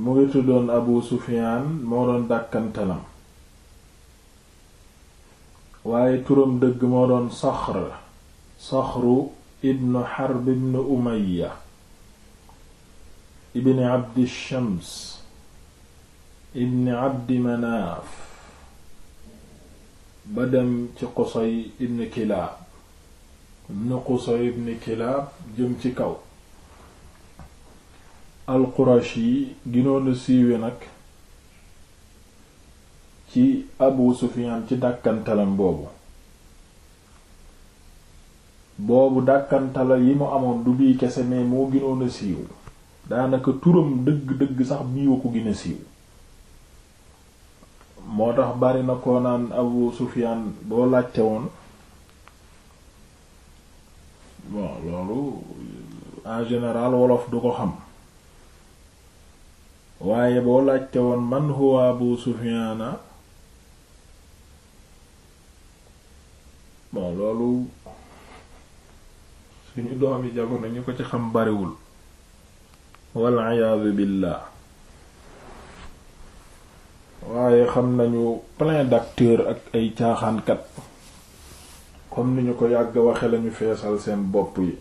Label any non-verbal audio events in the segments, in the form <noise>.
mu ngi tuddoon abu sufiyaan moo doon dàkkantalam waaye turam dëgg moo doon saxr saxru ibnu xarb ibnu umaya ibni abdi shams ibni abdi manaaf ba dem ci qusay ibni kilaab ibnu qusay ibni kilaab jëm ci kaw al-Qurashi ginoon a nag ci Abu Sufyan ci dàkkantalam boobu boobu dàkkantala yi mu amoon du bii kese mais moo ginoon siiw daanaka turam dëgg-dëgg sax miiwa ko gën siiw moo tax bari na koo naan Abu Sufyan boo laajte woon bon loolu en général wolof du ko xam waaye boo laajte woon man huwa abu sufiyaana bon loolu suñu doom yi jamono ñu ko ci xam bariwul walla iyaadu billaah waaye xam nañu plein d'acteurs ak ay caaxaankat comme ni ñu ko yàgg waxe lañu feesal seen bopp yi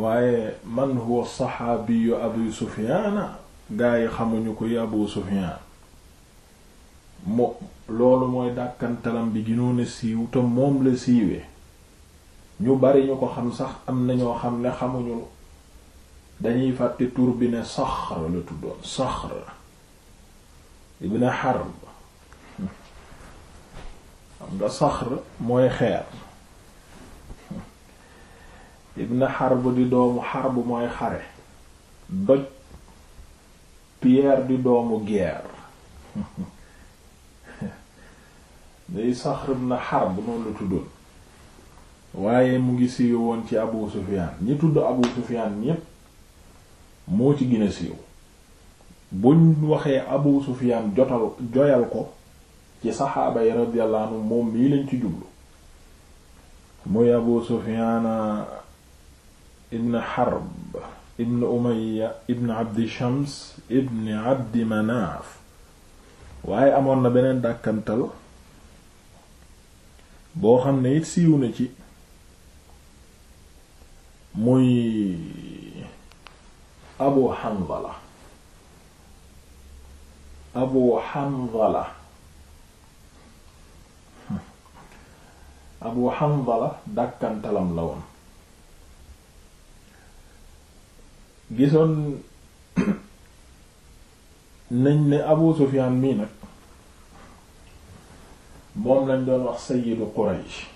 waaye man huwa saxaabiyu abu sufiyaana gaa yi xamuñu koy abu sufiyaan mo loolu mooy dàkkantalam bi ginoon a siiw te moom la siiwee ñu bari ñu ko xam sax am na ñoo xam ne xamuñu dañuy fàtte tur bi ne Saxr la tuddoon Saxr ibn Harb nga Saxr mooy xeer ibn Harb di doomu Harb mooy xare doj Pierre di doomu guerre <laughs> day Saxr ibn Harb noonu la waaye mu ngi siiw woon ci Abu Sufyaan ñi tudd Abu Sufyaan ñépp moo ci gën a buñ waxee Abu Sufyaan jotal joyal ko ci saxaaba yi radiyallahu anhu moom mii lañ ci jublu muy Abu Sufyaan ibn Harb ibn Umayya ibn Abdi Shams ibn Abdi Manaaf waaye amoon na beneen dàkkantal boo xam ne it siiw na ci muy Abu Hanzala Abu Hanzala Abu Hanzala dàkkantalam la woon gisoon nañ ni Abu Sufyan mii nag moom lañ doon wax sayyidu Quraysh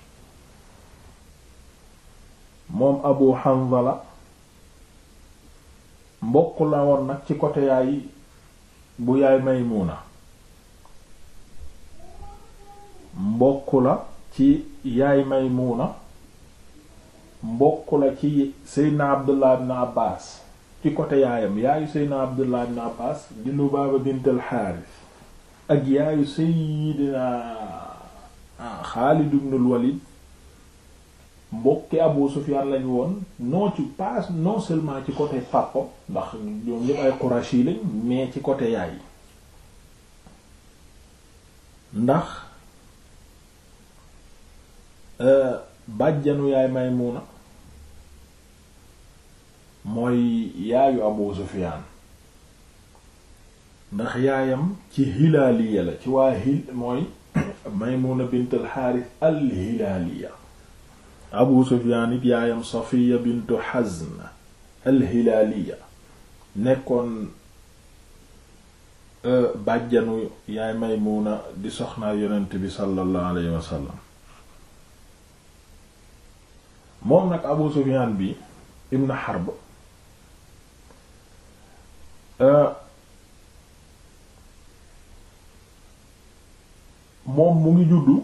moom Abu Hanzala mbokk la woon nag ci côté yaay bu yaay Maymuna mbokk la ci yaay Maymuna mbokk la ci Seydina Abdullah ibn Abbas ci côté yaayam yaayu seydna abdullah ibn abbas di lubaaba bint al ak yaayu seydna ah, xaalid ibn al walid mbokki abu sufyan lañu woon non ci pas non seulement ci côté papa ndax ñoom ñëpp ay qurashi lañ mais ci côté yaay ndax euh, bàjjanu yaay Maymuna mooy yaayu Abu Sufyaan ndax yaayam ci hilaaliya la ci waa hil mooy <coughs> Maymuna bint al al-hilaaliya Abu Sufyaan it yaayam Safiya bint Hazn al-hilaaliya nekkoon euh, bàjjanu yaay Maymuna di soxnaa yonent bi sallallahu alayhi wa moom nag Abu Sufyaan bi ibn Harb Euh, moom mu ngi juddu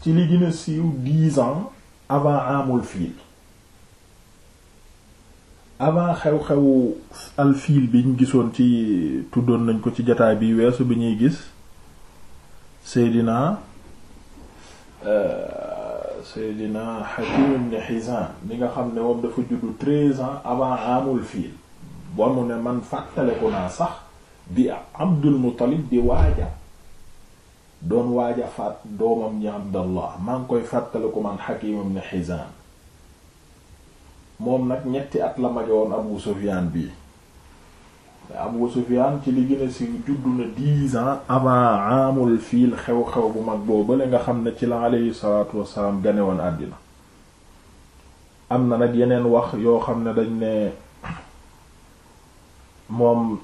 ci li gën siiw dix ans avant amul fiil avant xew-xewu alfiil bi ñu gisoon ci tuddoon nañ ko ci jataay bi weesu bi ñuy gis Seydina euh, Seydina Hakim ibn Hizam mi nga xam ne moom dafa juddu treize ans avant amul fiil ba ne man fàttaleku naa sax bi Abdul Muttalib di waaja doon waaja faat doomam ñi Abdallah maa ngi koy fàttaleku man Hakim ibn Hizam moom nag ñetti at la majoon Abu Sufyan bii Abu Sufyaan ci li gën a siiw juddu na dix ans avant amul fiil xew-xew bu mag boobu la nga xam ne ci la alayhi salaatu wassalaam gane woon àddina am na nag yeneen wax yoo xam ne dañ ne moom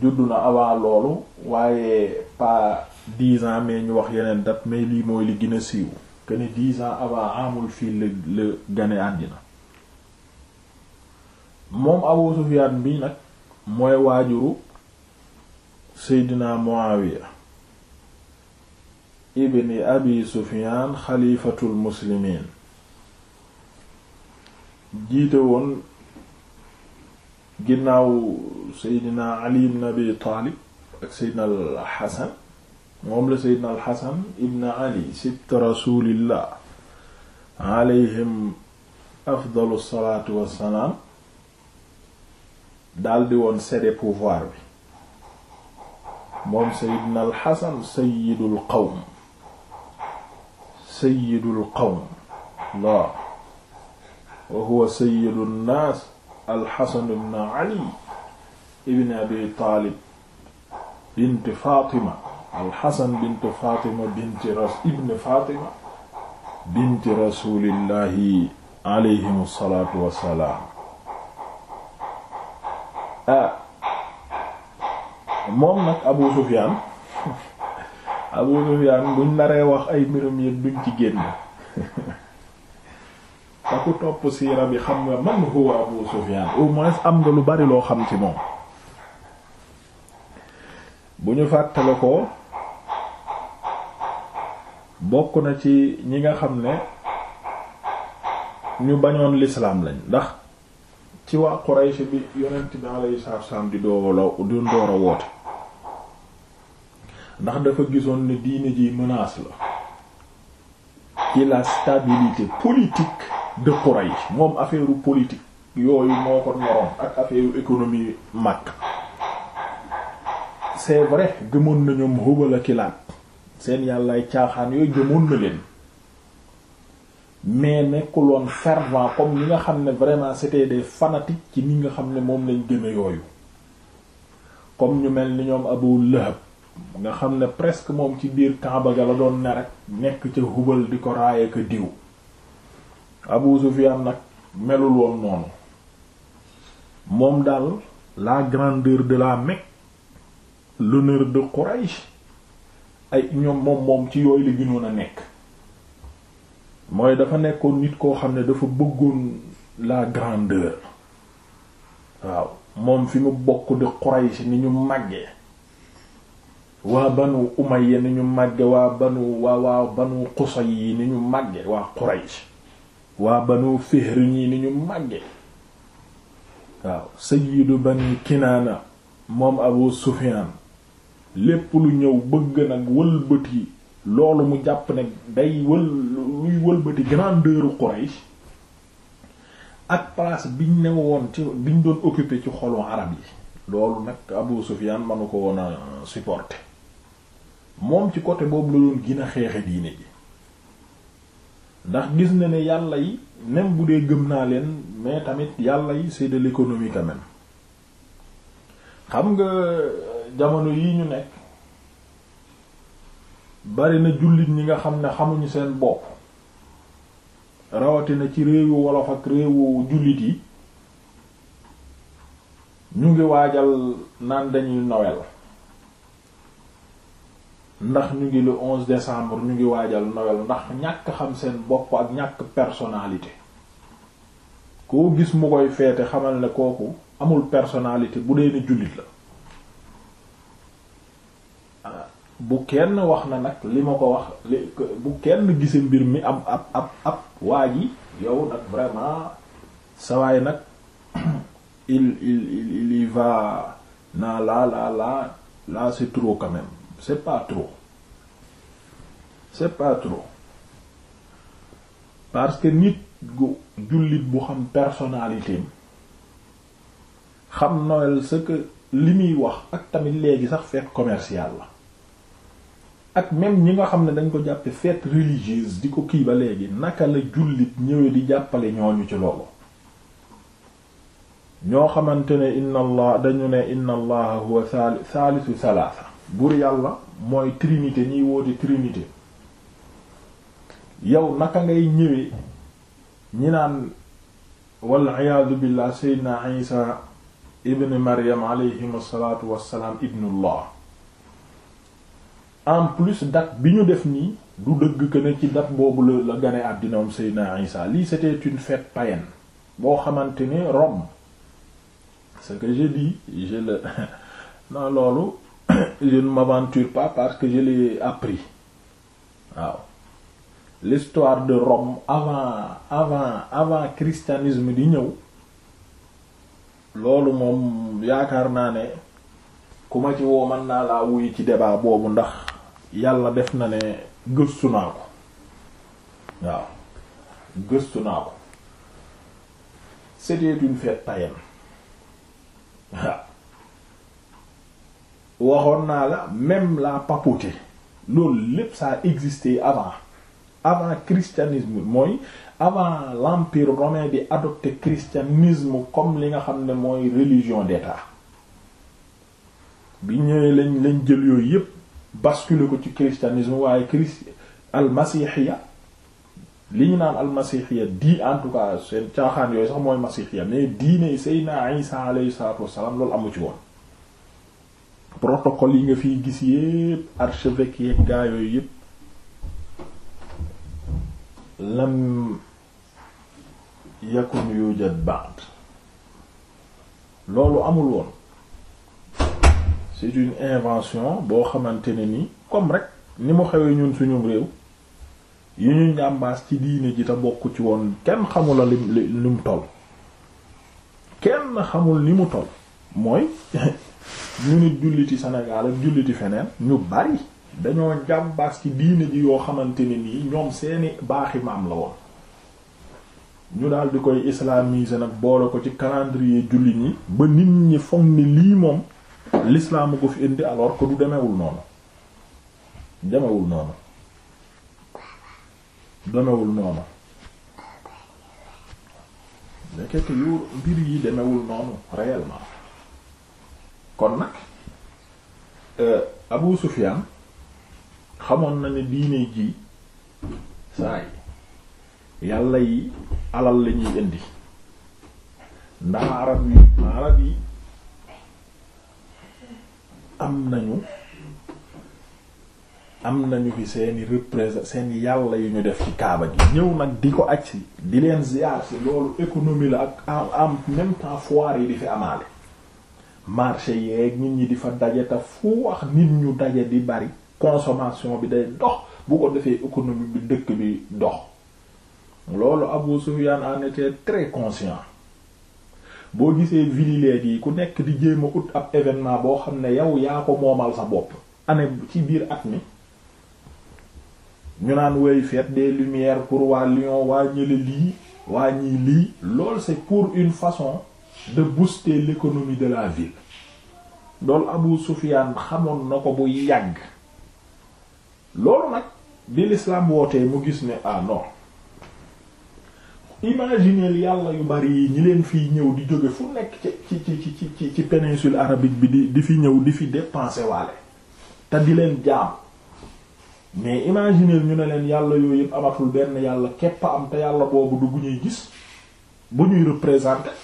juddu na avant loolu waaye pas dix ans mais ñu wax yeneen date mais lii mooy li gën a siiw que ne dix ans avant amul fiil la la gane àddina moom Abu Sufyaan bi nag mooy waajuru seydina muawiya ibni abi sufiyaan xalifatul muslimiin jiite woon ginnaaw ali ibn abi taalib ak al xasan moom la seydina al xasan ibn ali sibt rasulillah alayhim afdalu salaatu wassalaam daldi woon céder pouvoir bi moom Seydina al Xasan sayyidul qawm sayyidul la wa huwa sayyidun naas al Xasan ibn Ali ibn Abi Taalib bint Fatima al Xasan bint Fatima bint ibn Fatima bint rasulillahi alayhimu salaatu salaam Ah. moom nag Abu Sufyaan Abu Sufyaan buñ naree wax ay mbirum yëpp buñ ci génn te topp siira bi xam nga man huwa Abu Sufyaan au moins am nga lu bari loo xam ci moom bu ñu fàttale ko bokk na ci ñi nga xam ne ñu bañoon lislaam lañ ndax ci waa Quraysh bi yonent bi alayhi salaatu wassalaam di doolo du door a woote ndax dafa gisoon ni diine ji menace la ci la stabilité politique de Quraysh moom affaire politique yooyu moo ko ñoroon ak affaire économie mag c'est vrai gëmoon na ñoom Hubal ak Kilaat seen yàllaay caaxaan yooyu gëmoon na leen mais nekkul woon fervent comme ñi nga xam ne vraiment c'était des fanatiques ci ni nga xam ne moom lañ gëme yooyu comme ñu mel ni ñoom Abu Lahab nga xam ne presque moom ci biir Kaaba ga la doon ne rek nekk ca Hubal di ko raaye ka diw Abu Sufyan nag melul woon noonu moom daal la grandeur de la Mecque l'honneur de Quraish ay ñoom moom moom ci yooyu la gënoon a nekk mooy dafa nekkoon nit koo xam ne dafa bëggoon la grandeur waaw moom fi mu bokk di Quraysh ni ñu màggee waa banu Umayya ni ñu màgge waa banu waa waa banu yi ni ñu màgge waa Quraysh waa banu Fihr ñi ni ñu màgge waaw sayyidu bani Kinaana moom Abu Sufyaan lépp lu ñëw bëgg nag wëlbët yi loolu mu jàpp ne day wël luy wëlbati grandeur Quraysh ak place biñ ne woon ci biñ doon occupé ci xolu arab yi loolu nag Abu Sufyan manu ko woon a moom ci côté boobu la doon gën a xeexe diine ji ndax gis na ne yàlla yi même bu dee gëm naa leen mais tamit yàlla yi c'est de l'économie quand même xam nga euh, jamono yi ñu nekk bari na jullit ñi nga xam ne xamuñu seen bopp rawatina ci réewu wolof ak réewu jullit yi ñu ngi waajal naan dañuy Noël ndax ñu ngi le onze décembre ñu ngi waajal Noël ndax ñàkk xam seen bopp ak ñàkk personnalité koo gis mu koy feete xamal ne kooku amul personnalité bu dee ne jullit la bu kenn wax na nag li ma ko wax bu kenn gise mbir mi ab ab ab waa ji yow nag vraiment sawaay nag <clears throat> il il il il va na la la la là c'est trop quand même c'est pas trop c'est pas trop parce que nit gu jullit bu xam personnalité xam noël ce que li muy wax ak tamit léegi sax fekk commercial la ak même ñi nga xam ne dañ ko jàppe fête religieuse di ko kii ba léegi naka la jullit ñëwee di jàppale ñooñu ci loolu ñoo xamante ne inna allah dañu ne inna allaha huwa saalisu salaasa buur yàlla mooy trinité ñiy woote trinité yow naka ngay ñëwee ñi naan wal iyaadu billah seydna isa ibn maryam alayhim asalatu wassalaam ibnullah en plus date bi ñu def nii du dëgg que ne ci date boobu la la gane àddina am Seydina Isa lii c'était une fête païenne boo xamante ni Rome ce que j'ai dit je le <laughs> non loolu <coughs> je ne m'aventure pas parce que je l'ai appris waaw l'histoire de Rome avant avant avant christianisme di ñëw loolu moom yaakaar naa ne ku ma ci woo man naa laa wuyu ci débat boobu ndax yàlla def na ne gëstu naa ko waaw gëstu naa ko c'était une fête waaw waxoon naa la même la papauté loolu lépp ça existait avant avant christianisme mooy avant l'empire romain bi adopté christianisme comme li nga xam ne mooy religion d'État bi ñëwee lañ lañ jël yooyu yépp basculer ko ci christianisme waaye christ almasihiya li ñu naan almasihiya di en tout cas seen caaxaan yooyu sax mooy masihiya mais diine Seydina Isa alayhi salaatu wassalaam loolu amu ci woon yi nga fiy gis yépp archevêque yooyu yépp lam yakun yujad loolu amul woon c'est une invention boo xamante ne nii comme rek ni mu xewee ñun suñu réew yi ñu njàmbaas ci diine ji te bokk ci woon kenn xamula li li mu toll kenn xamul ni mu toll mooy <laughs> ñu nit julliti Sénégal ak julliti feneen ñu bari dañoo njàmbaas ci diine ji yoo xamante ne nii ñoom seeni baaxi maam la woon ñu daal di koy islamiser nag boole ko ci calendrier jullit ñi ba nit ñi foog lii moom l'islam ko fi indi alors que du demewul noonu demewul noonu demewul noonu nekkete yu mbir yi demewul noonu réellement kon nag euh, Abu Sufyan xamoon na ni diine ji saa yi yàlla yi alal la indi ndax arab yi arab yi am nañu am nañu fi seeni représent seeni yàlla yu ñu def ci kaaba gi ñëw nag di ko aj di leen ziar si loolu économie la ak en même temps foire yi di fi amaale marché yeeg nit ñi di fa daje te fu wax nit ñu daje di bari consommation bi day dox bu ko defee économie bi dëkk bi dox loolu Abu Sufyan en était très boo gisee villes yi ku nekk di jéema a ut ab événement boo xam ne yow yaa ko moomal sa bopp année ci biir at mi ñu naan woy feet de lumière pour waa Lyon waa ñële lii waa ñii lii loolu c'est pour une façon de booster l'économie de la ville loolu Abu Sufyan xamoon na ko bu yàgg loolu nag bi l'islam wootee mu gis ne ah non imagineel yàlla yu bari yi ñi leen fiy ñëw di jóge fu nekk ci ci ci ci ci péninsule arabique bi di di fi ñëw di fi dépenser waale te di leen jaam mais imagineel ñu ne leen yàlla yooyu yëpp amatul benn yàlla képp am te yàlla boobu du ñuy gis bu ñuy représenter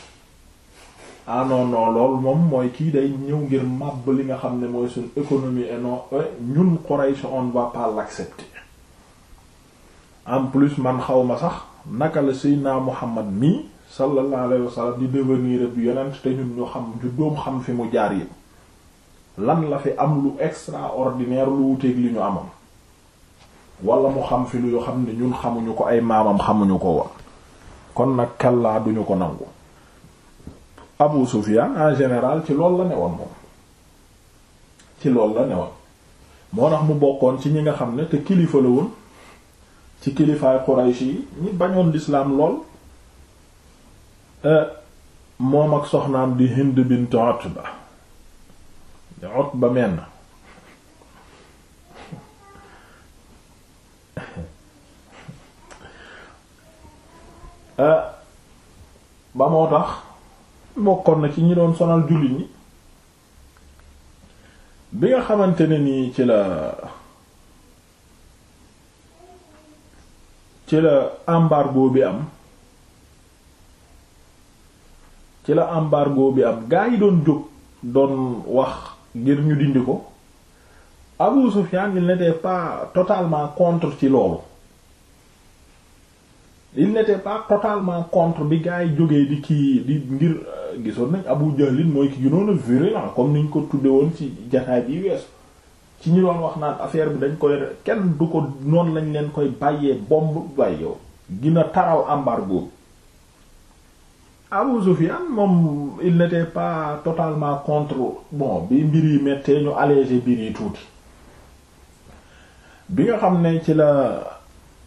ah non non loolu moom mooy kii day ñëw ngir màbb li nga xam ne mooy suñ économie et non eh, ñun Quraysh on va pas l'accepter en plus man xawma sax. naka la siinaa muhammad mii sallallahu alayhi di devenir bi yonent te ñun ñu xam ju doom xam fi mu jaar yépp lan la fi am lu extraordinaire lu wuteeg li ñu amoon walla mu xam fi lu yoo xam ne ñun xamuñu ko ay maamam xamuñu ko woon kon nag kallaa duñu ko nangu Abu Sufyan en général ci loolu la newoon moom ci loolu la newoon moo tax mu bokkoon ci ñi nga xam ne te kilifa la woon ci kilifaay Quraysh yi ñi bañoon lislaam lool e, moom ak soxnaam di Hind bint Utba di Utba menn e, ba moo tax bokkoon na ci ñi doon sonal jullit ñi bi nga xamante ne nii ci la ci la embargo bi am ci la embargo bi am gaa yi doon jóg doon wax ngir ñu dindi ko Abu Sufyan il n'était pas totalement contre ci loolu il n'était pas totalement contre bi gaa yi jógee di kii di ngir euh, gisoon nañ Abu Jahlin mooy ki gënoon a virulent comme niñ ko tudde woon ci jataay bi weesu ci ñu doon wax naan affaire bi dañ koy kenn du ko noonu lañ leen koy bàyyee bomb bay yow gina taraw embargo Abu Sufyan moom il n'était pas totalement contre bon bi mbir yi mettee ñu alléger mbir yi tuuti bi nga xam ne ci la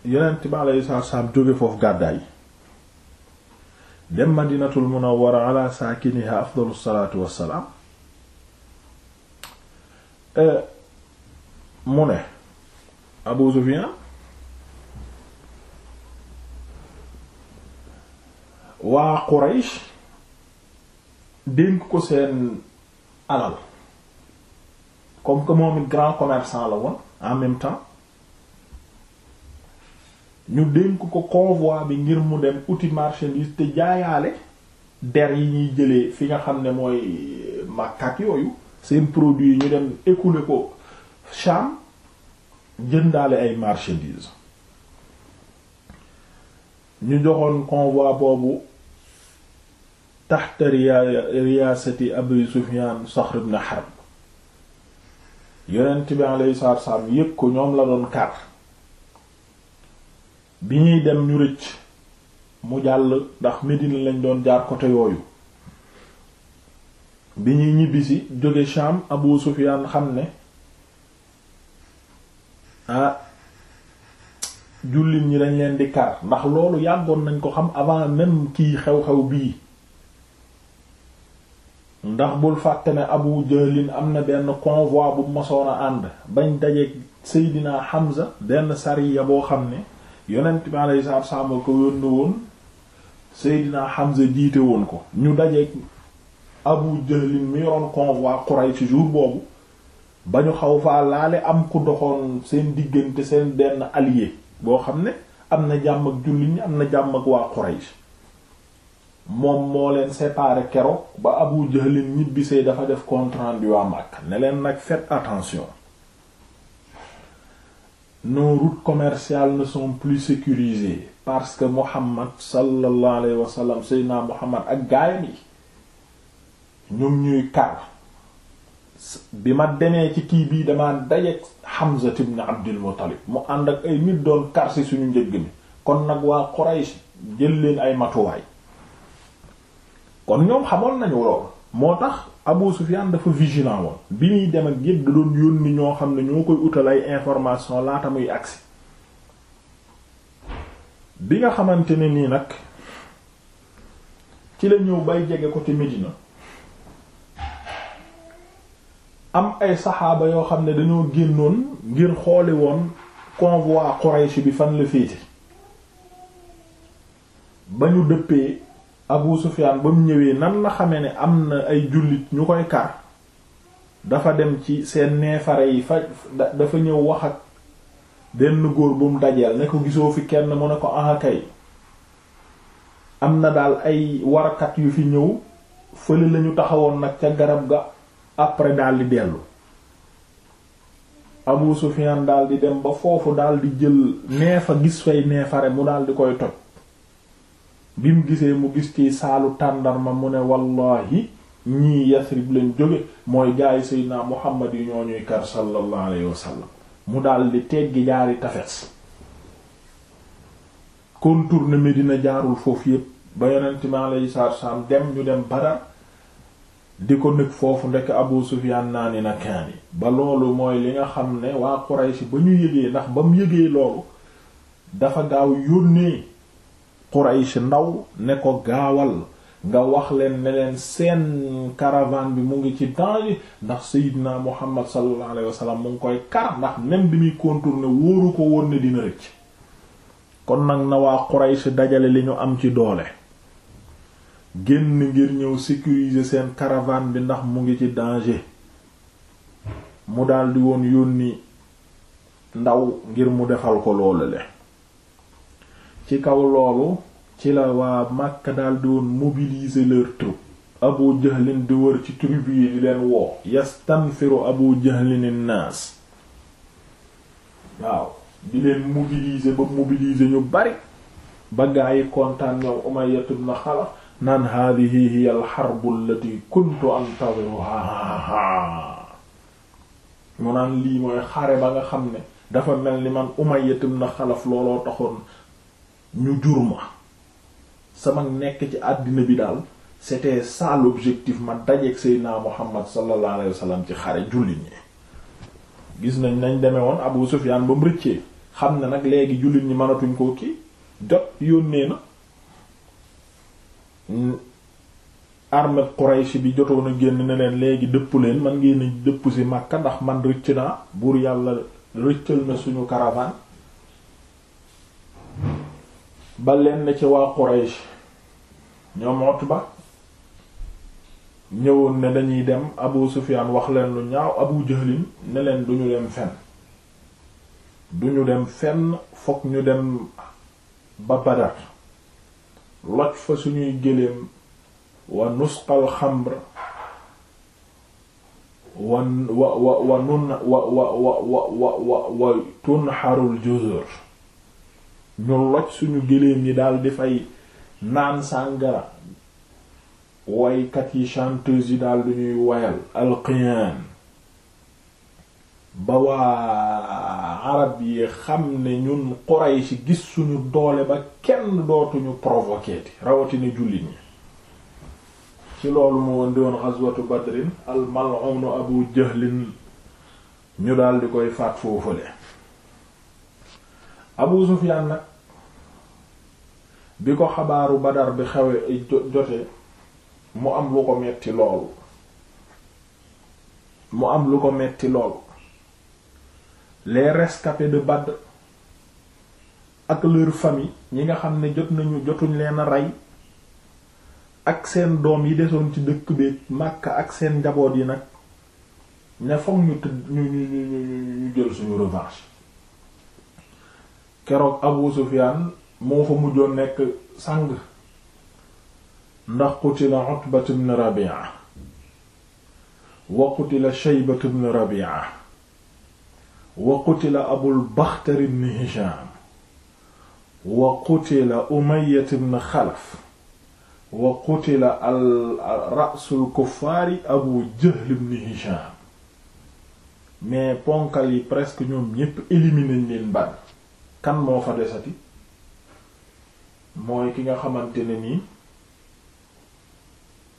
yonent bi alayhi salaam foofu gàddaay dem Madinatul Munawwara ala saakiniha afdalu salaatu wassalaam euh, mu ne Abu Sufyan waa Quraysh dénk ko seen alal comme que moom it grand commerçant la woon en même temps ñu dénk ko convoi bi ngir mu dem outil marchandise te jaayaale der yi ñuy jële fi nga xam ne mooy màkkat yooyu seen produit yi ñu dem écouler ko Sham jëndaale ay marchandises ñu joxoon convoi boobu taxta riyaasati Abu Sufyaan Saxr ibn Harb yonent bi alayhi salaatu salaam yëg ko ñoom la doon kar bi ñuy dem ñu rëcc mu jàll ndax Medina lañ doon jaar côté yooyu bi ñuy ñibbisi jóge Sham Abu Sufyaan xam ne ah jullit ñi dañ leen di kar ndax loolu yàggoon nañ ko xam avant même kii xew-xew bii ndax bul fàtte ne Abu Jahlin am na benn convoi bu mosoon a ànd bañ dajeeg Seydina Hamza benn sariya boo xam ne yonent bi alayhi salaatu wassalaam ko yónni woon Seydina Hamza jiite woon ko ñu dajeeg Abu Jahlin mi yoroon convoi Quraysh ci jour boobu ba ñu xaw faa laale am ku doxoon seen diggante seen benn allié boo xam ne am na jàmm ak jullit ñi am na jàmm ak waa Quraysh moom moo leen séparé kero ba Abu Jahl ñibbisee dafa def contrant rendu waa Makka ne leen nag faites attention nos routes commercial na sont plus sécurisées parce que Muhammad sallallahu alayhi wa sallam Seydina Muhammad ak gaayam yi ñoom ñuy kar bi ma demee ci kii bii damaa dajeek Hamza na Abdul Muttalib mu ànd ak ay nit doon karsi suñu njëgg mi kon nag waa Quraysh jël leen ay matuwaay kon ñoom xamoon nañu lool moo tax Abu Sufyan dafa vigilant woon bi ñuy dem ak yëpp da doon yónni ñoo xam ne ñoo koy utal ay information laata muy agsi bi nga xamante ne nii nag ci la ñëw bay jege ko ci na am ay saxaaba yoo xam ne dañoo génnoon ngir xooli woon convoi Quraysh bi fan la féete ba ñu dëppee Abu Sufyaan ba mu ñëwee nan la xamee ne am na ay jullit ñu koy kar dafa dem ci seen neefare yi fa dafa ñëw wax ak benn góor bum mu dajeel ne ko gisoo fi kenn mu ne ko aha kay am na daal ay warkat yu fi ñëw fële lañu taxawoon nag ca garab ga après daal di dellu Abu Sufyan daal dem ba foofu daal di jël neefa gis fay neefare mu daal di koy toj bi mu gisee mu gis ci saalu tàndarma mu ne wallahi ñii Yasrib lañ jóge mooy gaayu Seydina Muhammad yi ñoo ñuy kar sallallahu alayhi wasallam mu daldi di teggi jaari tafes contourne Medina jaarul foofu yépp ba yonent mi alayhi salaam dem ñu dem Badar di ko nekk foofu ndekk Abu Sufyaan naa ni na kaani ba loolu mooy li nga xam ne waa Quraysh ba ñu yëgee ndax ba mu yëgee loolu dafa gaaw yónnee Quraysh ndaw ne ko gaawal nga wax leen ne leen seen caravane bi mu ngi ci danger ndax Seydina Muhammad sallallahu alayhi wasallam mu ngi koy kar ndax même bi muy contourner wóoru ko woon ne dina rëcc kon nag na waa Quraysh dajale li ñu am ci doole génn ngir ñëw sécuriser seen caravane bi ndax mu ngi ci danger mu daldi woon yónni ndaw ngir mu defal ko loolu le ci kaw loolu ci la waa Makka daldi woon mobiliser leurs troupes Abu Jahlin di ci tribu yi di leen woo yastanfiru Abu Jahlin naas waaw di leen mobiliser ba mobiliser ñu bari ba gaa yi kontaan ñoom Umayyatu ibn Xalaf naan hadihi hiya alxarbu allati kuntu antaziruha mu naan lii mooy xare ba nga xam ne dafa mel ni man umayyatum na xalaf looloo taxoon ñu jur ma sama nekk ci àddina bi daal c'était ça l'objectif ma dajeek seydinaa muhammad sallallahu alayhi wasallam ci xare julli ñi gis nañ nañ demee woon Abu Sufyaan ba rëccee xam ne nag léegi jullit ñi mënatuñ koo kii jot yónnee na armée Quraysh bi jotoon a génn ne leen léegi dëpp leen man ngi a dëpp ci Makka ndax man rëcc naa buur yàlla rëccal na suñu caravane ba leen ci waa Quraysh ñoom Utba ñëwoon ne lañuy dem Abu Sufyaan wax leen lu ñaaw Abu Jahlin ne leen duñu dem fenn duñu dem fenn fokk ñu dem ba Badar loj fa suñuy gëléem wa nusqal xamr wa wa wa wa nun wa ñu loj suñu géléem yi daal fay naan sàngara waykat yi chanteuse yi daal du ñuy wayal alqiyaan ba waa arab yi xam ne ñun Quraysh gis suñu doole ba kenn dootuñu provoquer ti rawatina jullit ñi ci loolu mu woon di woon ghazwatu badrin al mal'un abu jahlin ñu daal di koy faat foofule abu sufyaan nag bi ko xabaaru badar bi xewe eh, jote mu am lu ko metti loolu mu am lu ko metti loolu les rescapés de Badr ak leur famille ñi nga xam ne jot nañu jotuñ leen a rey ak seen doom yi desoon ci dëkk bi màkk ak seen njaboot yi nag ne foog ñu tëdd ñu ñu ñu ñu jël suñu revanche keroog Abu Sufyan moo fa mujjoon nekk sang ndax qutila Utbat ibn Rabi'a wa qutila Shaybat ibn Rabi'a wa qutila abul baxtari ibn hisham wa qutila umayyat ibn xalaf wa qutila al rasul kuffaari abu jahl ibn hisham mais ponkal yi presque ñoom ñépp éliminer leen ban kan moo fa desati mooy ki nga xamante ne nii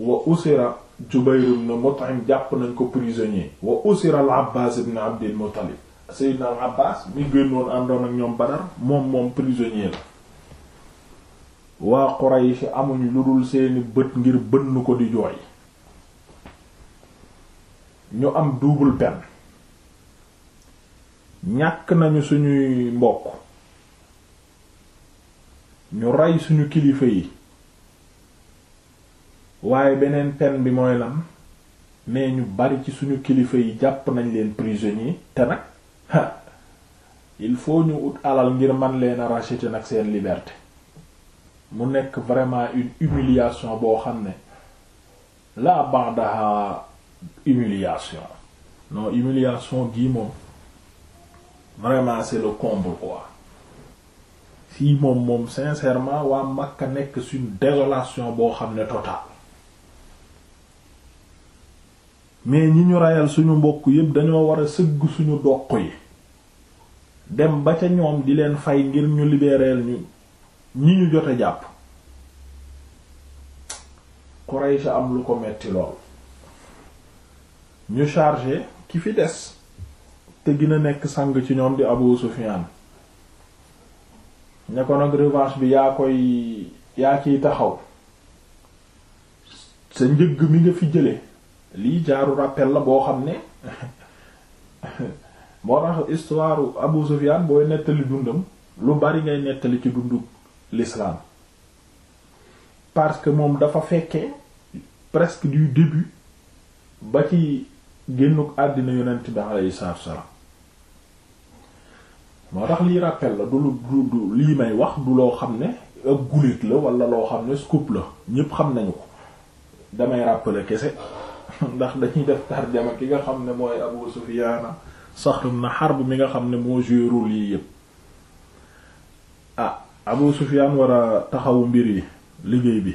wa usira jubayr ibn mut'im jàpp nañ ko prisonnier wa usira al abbaas ibn abdil muttalib Seydina al Abbas mi génnoon àndoon ak ñoom Badar moom moom prisonnier la waa ci amuñ lu dul seeni bët ngir bënn ko di jooy ñu am double peine ñàkk nañu suñuy mbokk ñu rey suñu kilifa yi waaye beneen peine bi mooy lam mais ñu bari ci suñu kilifa yi jàpp nañ leen prisonnier te nag il faut ñu ut alal ngir man leen a nag seen liberté mu nekk vraiment une humiliation boo xam ne la ba'daha humiliation non humiliation gii moom vraiment c'est le comble quoi fii moom moom sincèrement waa Makka nekk suñu désolation boo xam ne totale mais ñi ñu rayal suñu mbokk yépp dañoo war a sëgg suñu doq yi dem ba ca ñoom di leen fay ngir ñu libéréel ñu ñi ñu jot a jàpp Quraysh am lu ko metti lool ñu chargé ki fi des te gina nekk sang ci ñoom di Abu Sufyan ne ko bi yaa koy yaa kiy taxaw sa njëgg mi nga fi jële lii jaaru rappel la boo xam ne moo tax histoire Abu Sufyan booy nettali dundam lu bari ngay nettali ci dundu l'islam parce que moom dafa fekke presque du début ba ci génnuk àddina yonent bi alayhi salaatu wassalaam moo tax lii rappel la du lu du lii may wax du loo xam ne ak gulit la walla loo xam ne scoop la ñépp xam nañu ko damay rappeler kese <laughs> ndax dañuy def tarjama ki nga xam ne mooy Abu Sufyaan Saxr ibn Harb mi nga xam ne moo joué yi yépp ah Abu Sufyaan war taxawu mbir yi liggéey bi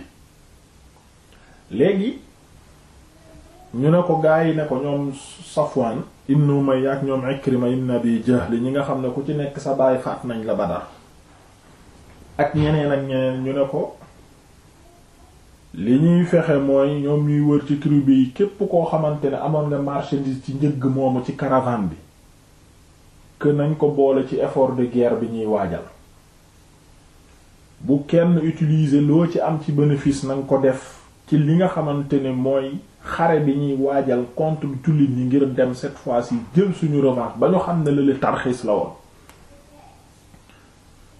léegi ñu ne ko gaa yi ne ko ñoom Safwaan ibn Umayya ak ñoom Ikrima ibn Abi Jahl ñi nga xam ne ku ci nekk sa baay faat nañ la Badar ak ñeneen ak ñeneen ñu ne ko li ñuy fexe mooy ñoom ñuy wër ci tribu yi képp koo xamante ne amoon nga marchandise ci njëgg moomu ci caravane bi kë nañ ko boole ci effort de guerre bi ñuy waajal bu kenn utiliser loo ci am ci bénéfice nañ ko def ci li nga xamante ne mooy xare bi ñuy waajal contre jullit ñi ngir dem cette fois yi jël suñu revanche ba ñu xam ne lali tarxiis la woon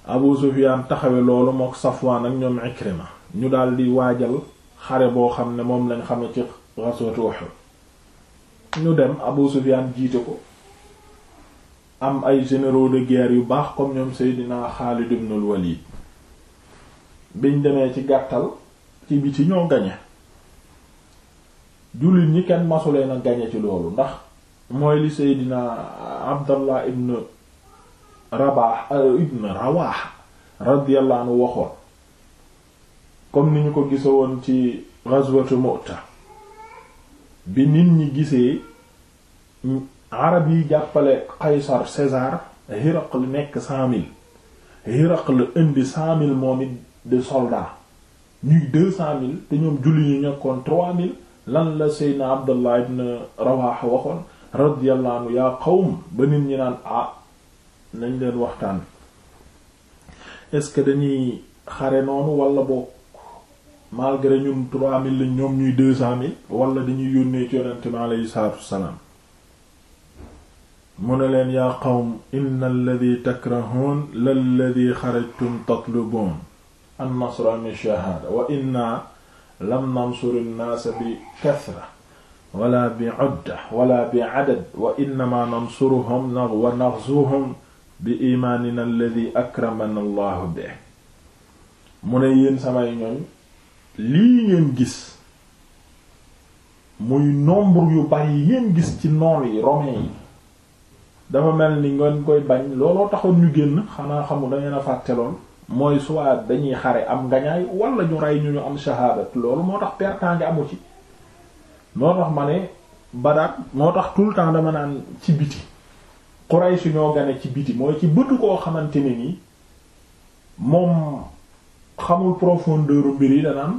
Abu Sufyan taxawe loolu mook Safwan ak ñoom Ikrima ñu daal di waajal xare boo xam ne moom lañ xame ci ghazwat Uhud ñu dem Abu Sufyan jiite ko am ay généraux de yu baax comme ñoom Seydina Xaalid ibn al-Walid biñ demee ci gàttal ci bi ci ñoo gañe jullit ñi kenn masuleen a gañe ci loolu ndax mooy li Seydina Abdallah ibn Rabah euh, ibn Rawah radiyallahu waxoon comme ni ñu ko gisa woon ci ghazwatu Mu'ta bi nit ñi gisee arab yi jàppale Qaysar César Hiraql nekk cent mille Hiraql indi cent mille moom it de soldats ñuy deux cent mille te ñoom julli ñu ñekkoon trois lan la Seydina Abdallah ibn Rawaha waxoon radiyallahu anhu yaa qawm ba nit ñi naan ah nañ leen waxtaan est-ce que dañuy xare noonu wala boo malgré ñun 3000 lañ ñoom ñuy 200000 wala dañuy yónnee ci yonent mi aleyhi salaatu mu ne leen yaa qawm inna alladi takrahuun lalladi xarajtum tatlubuun annasru min shahaada wa inna lam nansur annaasa bi kathra wala bi udda wala bi adad wa innama wa naghzuhum bi imaanina alladi akramana allahu bihi mu ne yéen samay ñoñ lii ngeen gis muy nombre yu bari yi ngeen gis ci noon yi romain yi dafa mel ni ngeen koy bañ looloo taxoon ñu génn xanaa xamul da a fàtte lool mooy soit dañuy xare am ngañaay wala ñu rey ñu ñu am shahaadat loolu moo tax pertan nga amu ci moo tax ma ne badaat moo tax tout le temps dama naan ci biti Quraysh ñoo gane ci biti mooy ci bëtu koo xamante ne nii moom xamul profondeur mbir yi danaan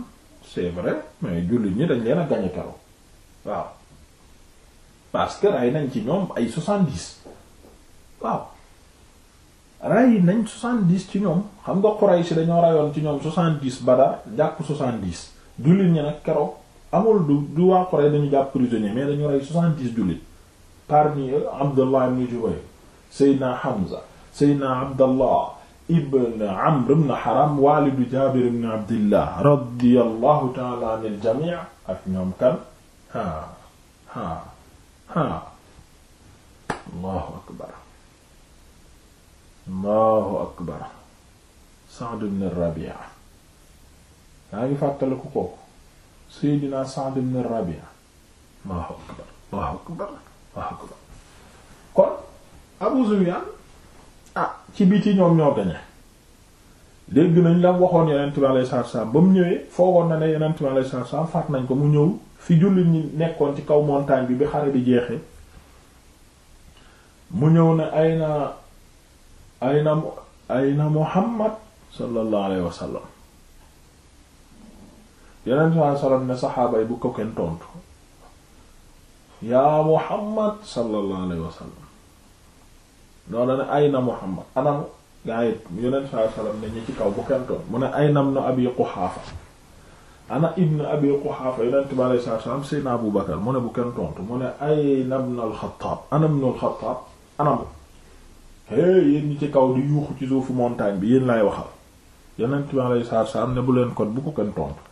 c'est vrai mais jullit ñi dañ leen a gañe keroog waaw parce que nañ ci ñoom ay soixante-dix waaw rey nañ soixante-dix ci ñoom xam nga Quraysh dañoo reyoon ci ñoom soixante-dix Badar jàpp soixante-dix jullit ñi nag keroog amul du du waa Quraysh dañu jàpp prisonnier mais dañu rey soixante-dix jullit parmi Abdullah ibn Jubayr Seydina Hamza Seydina Abdallah ibn Amr ibn Haram walidu Jaabir ibn Abdillah radiyallahu ta'ala anil jamii ak ñoom kan ha ha ha Allahu akbar Allahu akbar Sa'd ibn Rabi'a yaa ngi fàttaliku kooku Seydina Sa'd ibn Rabi'a Allahu akbar Allahu akbar Allahu akbar kon Abu Sufyaan ah ci biti ñoom ñoo gañe dégg nañ la waxoon yonent bi alayhi salaatu salaam ba mu ñëwee foogoon na ne yonent bi alayhi salaatu salaam faat nañ ko mu ñëw fi jullit ñi nekkoon ci kaw montagne bi bi xare bi jeexee mu ñëw ne ay na ay na ay na Muhammad sallallahu alayhi wa sallam yonent bi alayhi salaam ne saxaaba yi bu ko kenn tontu yaa Muhammad sallallahu alayhi wa sallam noo la ay ayna Muhammad anam gaa yi yonent saa salaam ne ñi ci kaw bu kenn toon mu ne ay na Abi Quhaafa ana ibn Abi Quhaafa yonent bi alayhi salaatu salaam Seydina Abu Bakar mu ne bu kenn tontu mu ne ayna ibn al-Xattaab ana ibn ñi ci kaw di yuuxu ci suufu montagne bi yéen lay waxal yonent bi alayhi salaatu salaam ne bu leen kon bu ko kenn tontu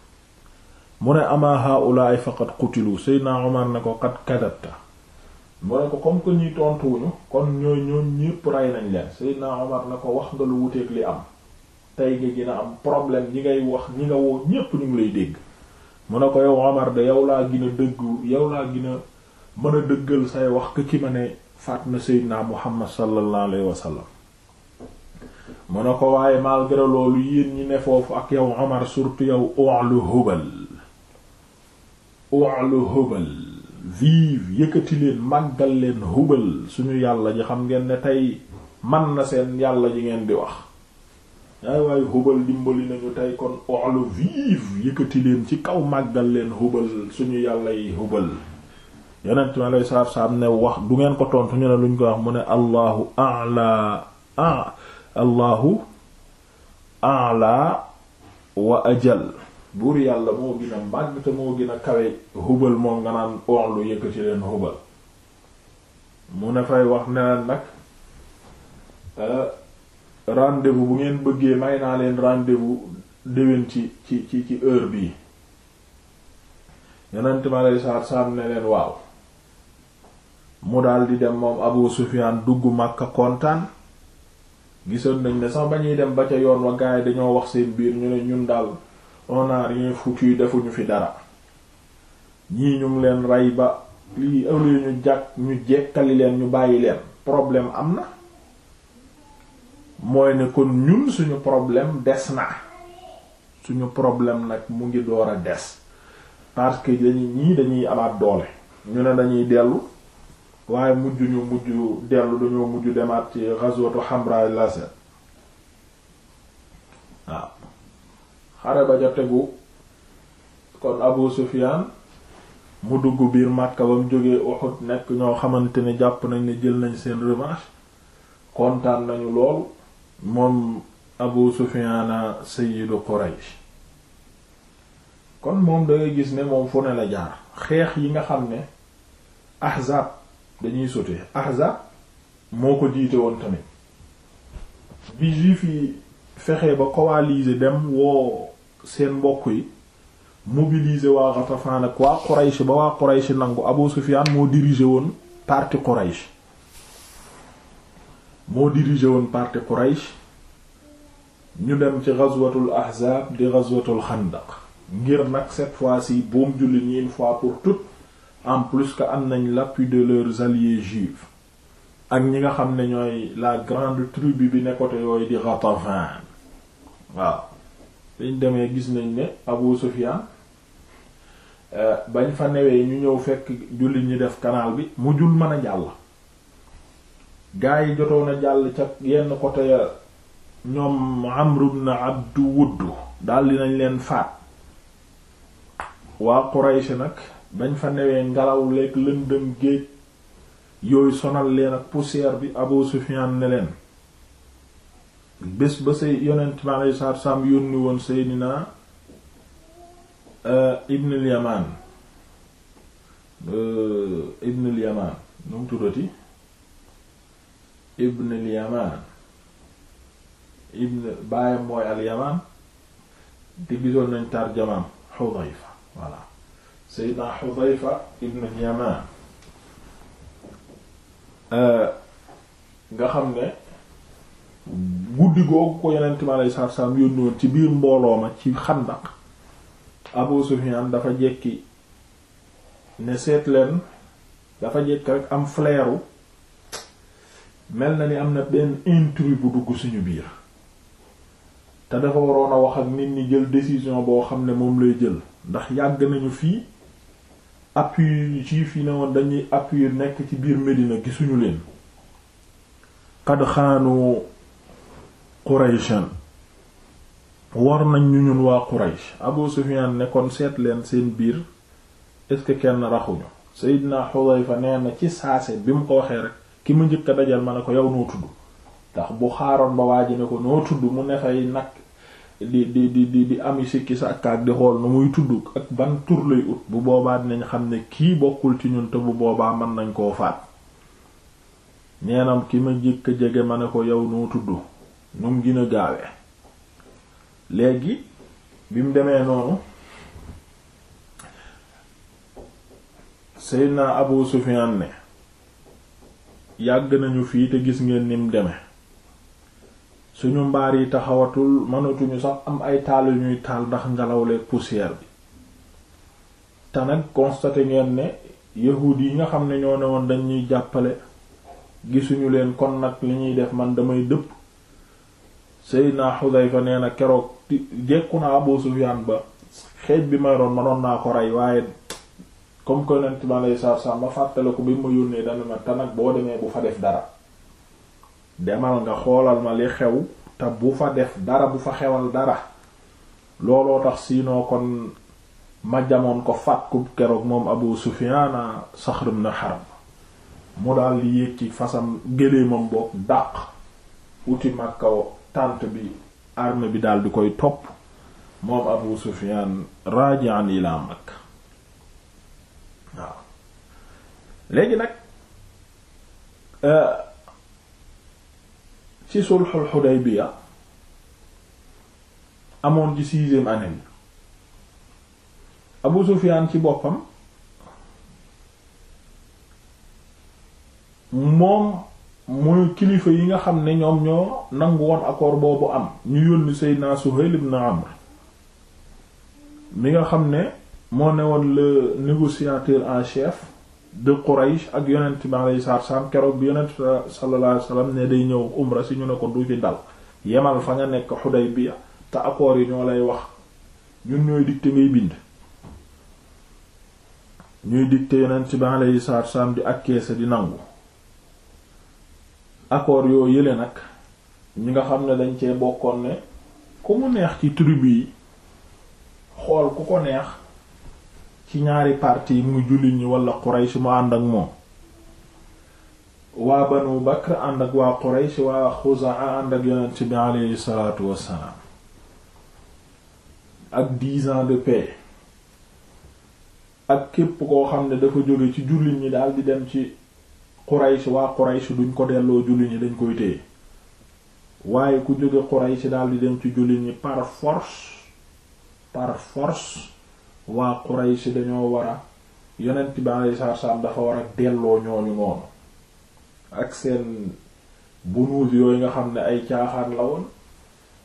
mu ne amaa haa'ulaa'i faqad qutilu Seydina Umar ne ko qad kadabta mu ne ko comme que ñuy tontuwuñu kon ñooy ñoon ñépp rey nañ leen Seydina Omar na ko wax nga lu wuteeg li am tey nga gën am problème ñi ngay wax ñi nga woo ñépp ñu ngi lay dégg mu ne ko yow Omar de yow laa gën a dëggu yow laa gën mën a dëggal say wax ki ma ne faat na Seydina Muhammad sallallahu alayhi wa sallam mu ne ko waaye malgré loolu yéen ñi ne foofu ak yow Omar surtout yow oalu Hubal oalu Hubal vive yëkkati leen màggal leen hubal suñu yàlla ji xam ngeen ne tey man na seen yàlla ji ngeen di wax yaay waaye hubal dimbali nañu tey kon oxlu vive yëkkati leen ci kaw màggal leen hubal suñu yàlla yi hubal yonent mi alei salaatu salaam ne wax du ngeen ko tontu ñu ne luñ koy wax mu ne allahu ala a allahu ala wa ajal buur yàlla moo gën a màgg moo gën kawe hubal moom nga naan oon lu yëkkati leen hubal mu ne fay wax ne nag euh, rendez bu ngeen bëggee may naa leen rendez-vous ci ci ci ci heure bii yonent ma lay saar ne leen waaw mu dal dem moom Abu Sufyaan dugg Makka kontaan gisoon nañ ne sax ba ñuy dem ba ca yoon wa gaay dañoo wax seen biir ñu ne ñun daal on n'a rien foutu defuñu fi dara ñii ñu ngi leen rey ba lii ëllëgee ñu jàkk ñu jekkali leen ñu bàyyi leen problème am na mooy ne kon ñun suñu problème des na suñu problème nag mu ngi door a des parce que dañuy ñii dañuy amaat doole ñu ne dañuy dellu waaye mujj ñu mujj dellu dañoo mujj demaat ci ghazwatu Hamra al waaw xare ba ja tegu kon Abu Sufyan mu dugg biir Makka ba jógee Uhud nekk ñoo xamante ne jàpp nañ ne jël nañ seen revanche kontaan nañu lool moom Abu Sufyan sayyidu Quraysh kon moom dangay gis ne moom fu ne la jaar xeex yi nga xam ne Ahzab dañuy sotee Ahzab moo ko jiite woon tamit bi juif yi fexe ba coaliser dem woo seen mbokk yi mobiliser waa Ghatafan ak waa Quraysh ba waa Quraysh nangu Abu Sufyan moo dirigé woon parti Quraysh moo dirigé woon parti Quraysh ñu dem ci ghazwatul ahzab di ghazwatul xandaq ngir nag cette fois-ci boom jullit ñi fois pour toutes en plus que am nañ l'appui de leurs alliés juifs ak ñi nga xam ne ñooy la grande tribu bi ne côté yooyu di Ghatafan waaw biñ demee gis nañ ne Abu Sufyan euh, bañ fa newee ñu ñëw fekk jullit ñi def canal bi mu jul mën a jàll gaa yi jotoon a jàll ca yenn côté ya ñoom Amr ibn Abd Wudd daal nañ leen faat waa Quraysh nag bañ fa newee ngelaw leeg lëndëm géej yooyu sonal leen ak poussière bi Abu Sufyan ne leen bés ba say yonent ma lay saar sam yónni woon Seydina eh, Ibn al-Yaman eh, Ibn al-Yaman nu mu tuddati Ibn mooy al-Yaman te gisoon nañ tarjamaam Hudhayfa voilà Seydina Hudhayfa Ibn al-Yaman eh, nga xam ne guddi googu ko yonent ma lay sarsam yónni woon ci biir mbooloo ma ci xandak Abu Sufyan dafa jekki ne seet leen dafa jekk rek am flairu mel na ni am na benn intrus bu dugg suñu biir te dafa waroon a wax ak nit ñi jël décision boo xam ne moom lay jël ndax yàgg nañu fii appui juif yi ne woon dañuy appui nekk ci biir Médina gisuñu leen xad qurayshan war nañ ñu ñun waa quraysh abu sufiyaan ne kon seet leen seen biir est-ce que kenn raxuñu seydina xudayfa nee na ci saase bi mu ko waxee rek ki mu njëkk a dajal ma ne ko yaw noo tudd ndax bu xaaroon ba waa waaji ne ko noo tudd mu ne fay nag di di di ami sikki sa ak di xool nu muy tudd ak ban tur ut bu boobaa nañ xam ne kii bokkul ci ñun te bu boobaa mën nañ koo faat neenam ki ma njëkk jege ma ne ko yow noo tudd nu mu gën gaawee léegi bi mu demee noonu Seydina Abu Sufyan ne yàgg nañu fii te gis ngeen ni mu demee suñu mbaar yi taxawatul mënatuñu sax am ay taal yu ñuy taal ndax ngelaw le poussière bi te nag ngeen ne yahuud yi nga xam ne ñoo ne woon dañuy jàppale gisuñu leen kon nag li ñuy def man damay dëpp Seydina Xudayfa nee na keroog jekku naa Abu Sufyaan ba xeej bi may roon manoon naa ko rey waaye comme que yonent bi alayhi salaatu salaam ma fàttale ko bi ma yónnee dana ma te boo demee bu fa def dara demal nga xoolal ma li xew te bu fa def dara bu fa xewal dara looloo tax siinoo kon ma jamoon ko fàtt keroog moom Abu Sufyaan Saxr ibn Harb mu daal yéeg ci fasam géléemam boog dàq uti Makka tànt bi arme bi daal di koy topp moom Abu Sufyan raji'an ila Makka waaw léegi nag euh, ci sulhul Hudaybiya amoon ci sixième année Abu Sufyan ci boppam moom mooy kilifa yi nga xam ne ñoom ñoo nangu woon accord boobu am ñu yónni Seydina Suhayl ibn Amr mi nga xam ne moo ne woon le négociateur en chef de Quraysh ak yonent bi alayhi salaatu salaam keroog bi yonent sallallahu alayhi wasallam ne day ñëw umra si ñu ne ko du fi dal yemal fa nga nekk Hudaybiya te accords yi ñoo lay wax ñun ñooy dicté ngay bind ñuy dicté yonent bi alayhi salaatu salaam di acquiescer di nangu accord yoo yële nag ñi nga xam ne dañ cee bokkoon ne ku mu neex ci tribu yi xool ku ko neex ci ñaari parti muy jullit ñi wala Quraysh mu ànd ak moom waa Banu Bakr ànd ak waa Quraysh waa Xuzaa ànd ak yonent bi ak dix de paix ak képp koo xam ne dafa jóge ci jullit ñi daal di dem ci Quraysh waa Quraysh duñ ko delloo julli ñi dañ koy téye waaye ku jóge Quraysh daal di dem ci julli ñi par force par force waa Quraysh dañoo war a yonent bi alayhi salaam dafa war a delloo ñooñu noonu ak seen bunuus yooyu nga xam ne ay caaxaan la woon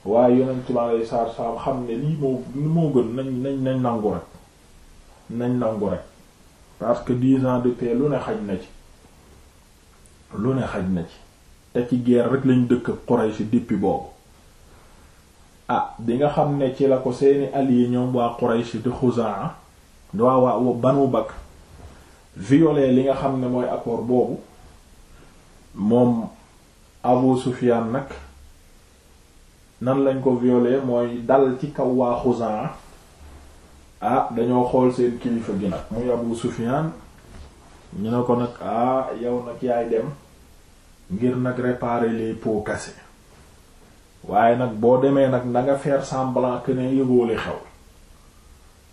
waaye yonent bi alayhi salaam xam ne lii moo li moo gën nañ nañ nañ nangu rek nañ nangu rek parce que dix ans de paix lu ne xaj na ci lu ne xaj na ci te ci guerre rek lañ dëkk Quraysh dippi boobu ah di nga xam ne ci la ko seeni alliés ñoom waa Quraysh di Xuzaa waa waa Banu Bakr violé li nga xam ne mooy accord boobu moom Abu Sufyaan nag nan lañ ko violé mooy dal ci kaw waa Xuzaa ah dañoo xool seen kilifa gi nag muy Abu Sufyaan ñu ne ko nag ah yow nag yaay dem ngir nag réparer les pots cassés waaye nag boo demee nag nanga nga faire semblant que ne yëgooli xew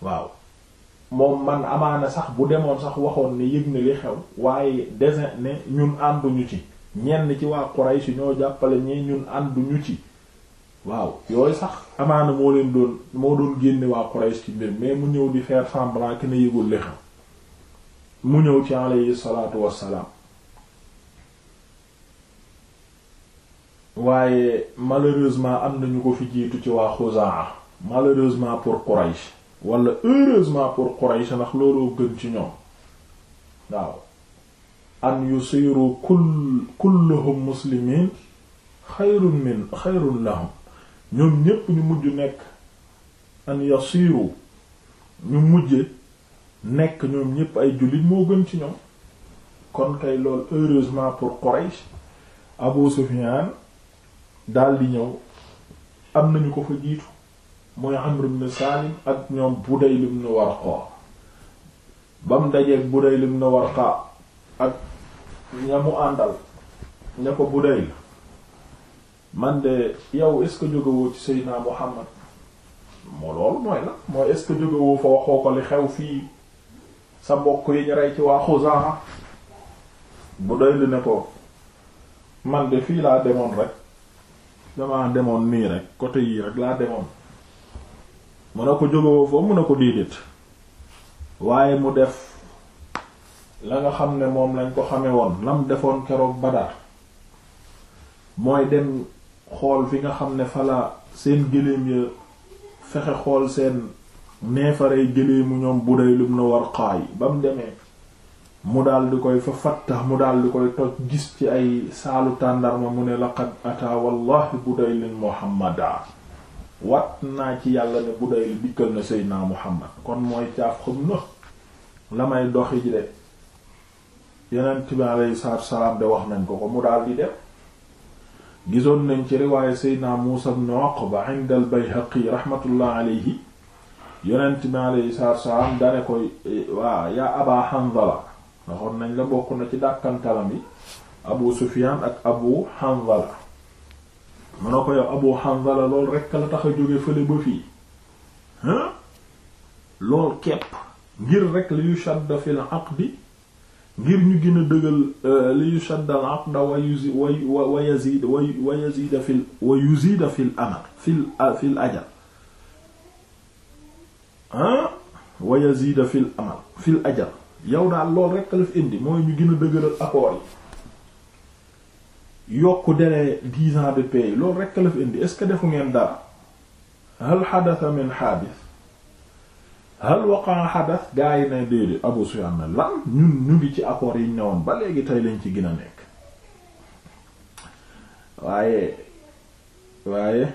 waaw moom man amaana sax bu demoon sax waxoon ne yëg na li xew waaye desin ne ñun ànduñu ci ñenn ci waa Quraysh ñoo jàppale ñi ñun ànduñu ci waaw yooyu sax amaana moo leen doon moo doon génne waa Quraysh ci mbir mais mu ñëw di faire semblant que ne yëgul li xew mu ñëw ci alayhi salaatu wassalaam waaye malheureusement am nañu ko fi jiitu ci waa Xuzaa malheureusement pour Quraysh walla heureusement pour Quraysh ndax looloo gën ci ñoom waaw an yusiru kull kulluhum muslimin xayrun min xayrun lahum ñoom ñépp ñu mujj nekk an yasiru ñu mujje nekk ñoom ñépp ay jullit moo gën ci ñoom kon kay loolu heureusement pour Quraysh Abu Sufyan daal di ñëw am nañu ko fa jiitu mooy Amr ibn Salim ak ñoom Budayl ibn Warqa ba mu dajeeg Budayl ibn Warqa ak ña mu àndal ña ko Budayl man de yow est-ce ci Seydina Muhammad moo loolu mooy la mooy est-ce fa waxoo ko li xew fii sa mbokk yi ñu rey ci waa Xuzaa bu doy lu ne ko man de fii laa demoon rek damaa demoon nii rek côté yii rek laa demoon mun a ko jógewoo foofu mun a ko déedéet waaye mu def la nga xam ne moom lañ ko xame woon lam defoon keroog Badar mooy dem xool fi nga xam ne fala seen gëléem ya fexe xool seen neefaree gëléemu ñoom Budayl ibn Warqa yi ba mu demee mu daldi koy fa fattax mu daal di koy toj gis ci ay saalu tàndarma mu ne laqad ataa wallahi Budayl Muhammadaa wat naa ci yàlla ne Budayl dikkal na Seydina Muhammad kon mooy caaf xam na la may doxi ji de Yonent bi alayhi salaatu salaam de wax nañ ko ko mu daal dem gisoon nañ ci riwaaye Seydina Muusaa ibn Uqba inda al-Bayhaqi rahmatullah alayhi yonent bi alayhi salaatu salaam dane koy waa yaa aba Hanzala ndaxoon nañ la bokk na ci dàkkantalam yi Abu Sufyaan ak Abu Hanzala mu ne ko yow Abu Hanzala loolu rekk la tax a jóge fële ba fii hein lool kepp ngir rek li yu shadda fil aqdi ngir ñu gën a dëggal euh, li yu shadda al aqda wa yuzi wa wa yazid wa yazid fil wa yuzida fil amal fil fil ajal Ah, wa yazida fil amal fil ajal yow daal lool rekk la fi indi mooy ñu gën dëgëral accord yi yokk délai dix de paix yi loolu rekk la fi indi est-ce defu ngeen dara hal xadata min xaadis hal waqa xadas gaa yi ne déedéet Abu Sufyaan lan ñun ñu ngi ci accord yi newoon ba léegi tey lañ ci gën a nekk waaye waaye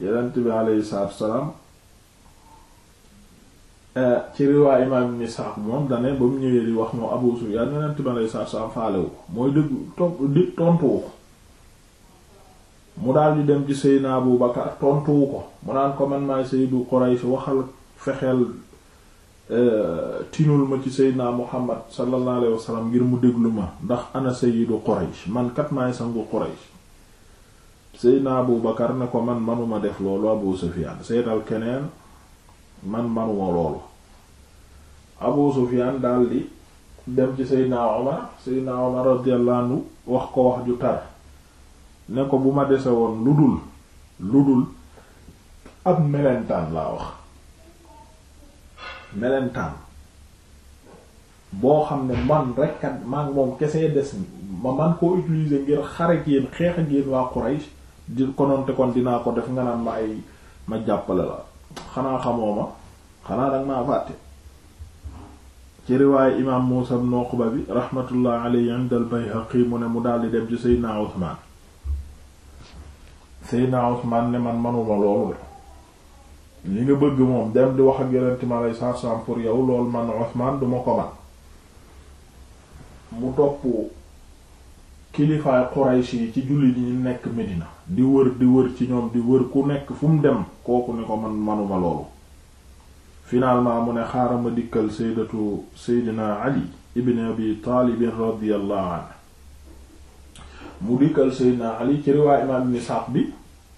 yonent bi alayhi salaam ci riwaay imaam Ibn Isxaaq moom dane ba mu ñëwee di wax moom Abu Sufyaan yonent bi alayhi salaatu salaam faalewu ko mooy dëgg tontu tontuwu ko mu daal di dem ci naa bu Bakar tontuwu ko mu naan ko man maay Seydu Quraysh waxal fexeel euh, tinul ma ci Seydina Muhammad sallallahu alayhi wa sallam ngir mu déglu ma ndax ana Seydu Quraysh man kat maay sangu Quraysh Seydina Abu Bakar ne ko man manuma def loolu Abu Sufyaan seetal keneen man manuma loolu Abu Sufyan daldi dem ci Seydina Omar Seydina Omar radiyallahu anhu wax ko wax ju tar ne ko bu ma dese woon lu dul lu dul ab melentaan laa wax melentaan boo xam ne man rekk maa ngi moom kese des ma man koo utiliser ngir xare ak yéen xeex ak yéen waa Quraysh di kononte kon dinaa ko def nga naan ma ay ma jàppale la xanaa xamoo ma xanaa danga maa fàtte ci riwaaye imaam Muusa ibn Uqba bi rahmatullah alayhi inda al-Bayhaqi mu ne mu daldi dem ci Seydina Usmaan Seydina Usmaan ne man manuma loolu de li nga bëgg moom dem di wax ak Yonent mi alayhi salaatu salaam pour yow loolu man Usmaan duma ko man mu topp kilifaay Quraysh yi ci jullit ñi nekk Medina di wër di wër ci ñoom di wër ku nekk fu mu dem kooku ni ko man manuma loolu finalement mu ne xaaral ma dikkal saydatu seydina Ali ibn Abi Taalib radiyallahu anhu mu dikkal seydina Ali ci riwaay imaam ibn bi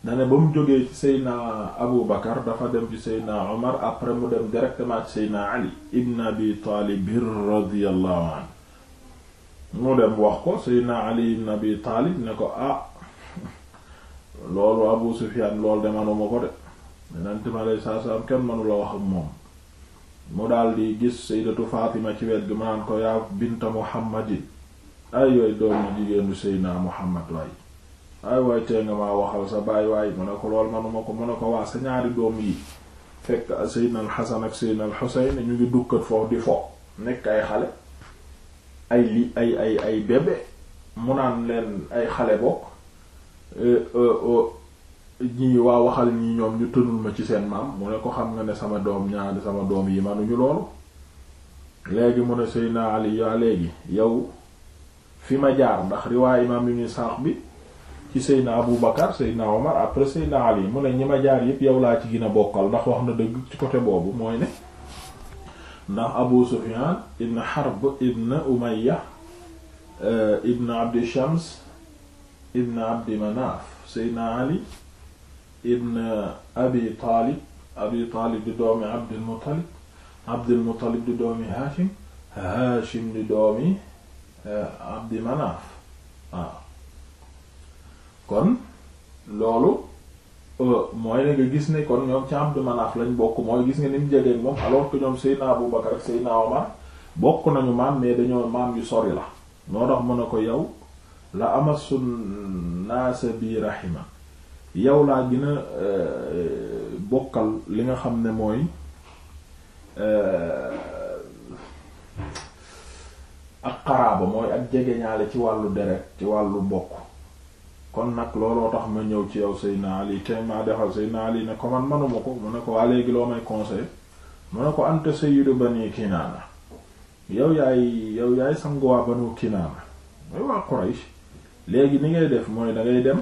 dane ba mu jógee ci seydina Abu Bakar dafa dem ci seydina Omar après mu dem directement ci seydina Ali ibn Abi Taalib radiyallahu anhu mu dem wax ko seydna ali ibn abi taalib ne ko ah loolu abu sufiyaan loolu de manuma ko de yonent mi aleyhi salaatu salaam kenn manula wax moom mu daal di gis saydatu fatima ci wet gi mu naan ko yaa binta muhammadin ay waay doomu jigéenu seydna muhammad waay ay waay tee nga maa waxal sa baay waay mu ne ko lool manuma ko mu ne ko waa sa ñaari doom yi fekk seydna al xasan ak seydna al ñu ngi dukkat foofu di fo nekk ay xale ay li ay ay ay bébé mu naan leen ay xale bokk euh, euh, euh, ñii waa waxal ñii ñoom ñu tënul ma ci seen maam mu ne ko xam nga ne sama doom ñaari sama doom yi manuñu loolu léegi mu ne Seydina Ali yaa léegi yow fi ma jaar ndax riwaay imaam Ibn Sa'd bi ci Seydina Abu Bakar Seydina Omar après Seydina Ali mu ne ñi ma jaar yépp yow laa ci gën a bokkal ndax wax na dëgg ci côté boobu mooy ne ndax Abu Sufyan ibn Harb ibn Umayya eh, ibn Abdi Shams ibn Abdi Manaf Seydina Ali ibn Abi Taalib Abi Taalib di doomi Abdul Muttalib Abdul Muttalib di doomi Haashim Haashim di doomi eh, Abdi Manaf waaw kon loolu Euh, mooy ne nga gis ne kon ñoom ci Abdu Manaaf lañ bokk mooy gis nga ni mu jege moom alors que ñoom Seydina Abu Bakar ak Seydina Omar bokk nañu maam mais dañoo maam yu sori la moo dox mën a ko yow la amasu naasa bi rahima yow laa gën euh, bokkal li nga xam ne mooy euh, ak xaraaba mooy ak jege ñaale ci wàllu deret ci wàllu bokk kon nag looloo tax ma ñëw ci yow Seydina Ali kay maa defal Seydina Ali ne ko man manuma ko mu ne ko waa léegi loo may conseil mu ne ko anta ba bani Kinaana yow yaay yow yaay sangu waa banu Kinaana mooy waa Quraysh léegi ni ngay def mooy dangay dem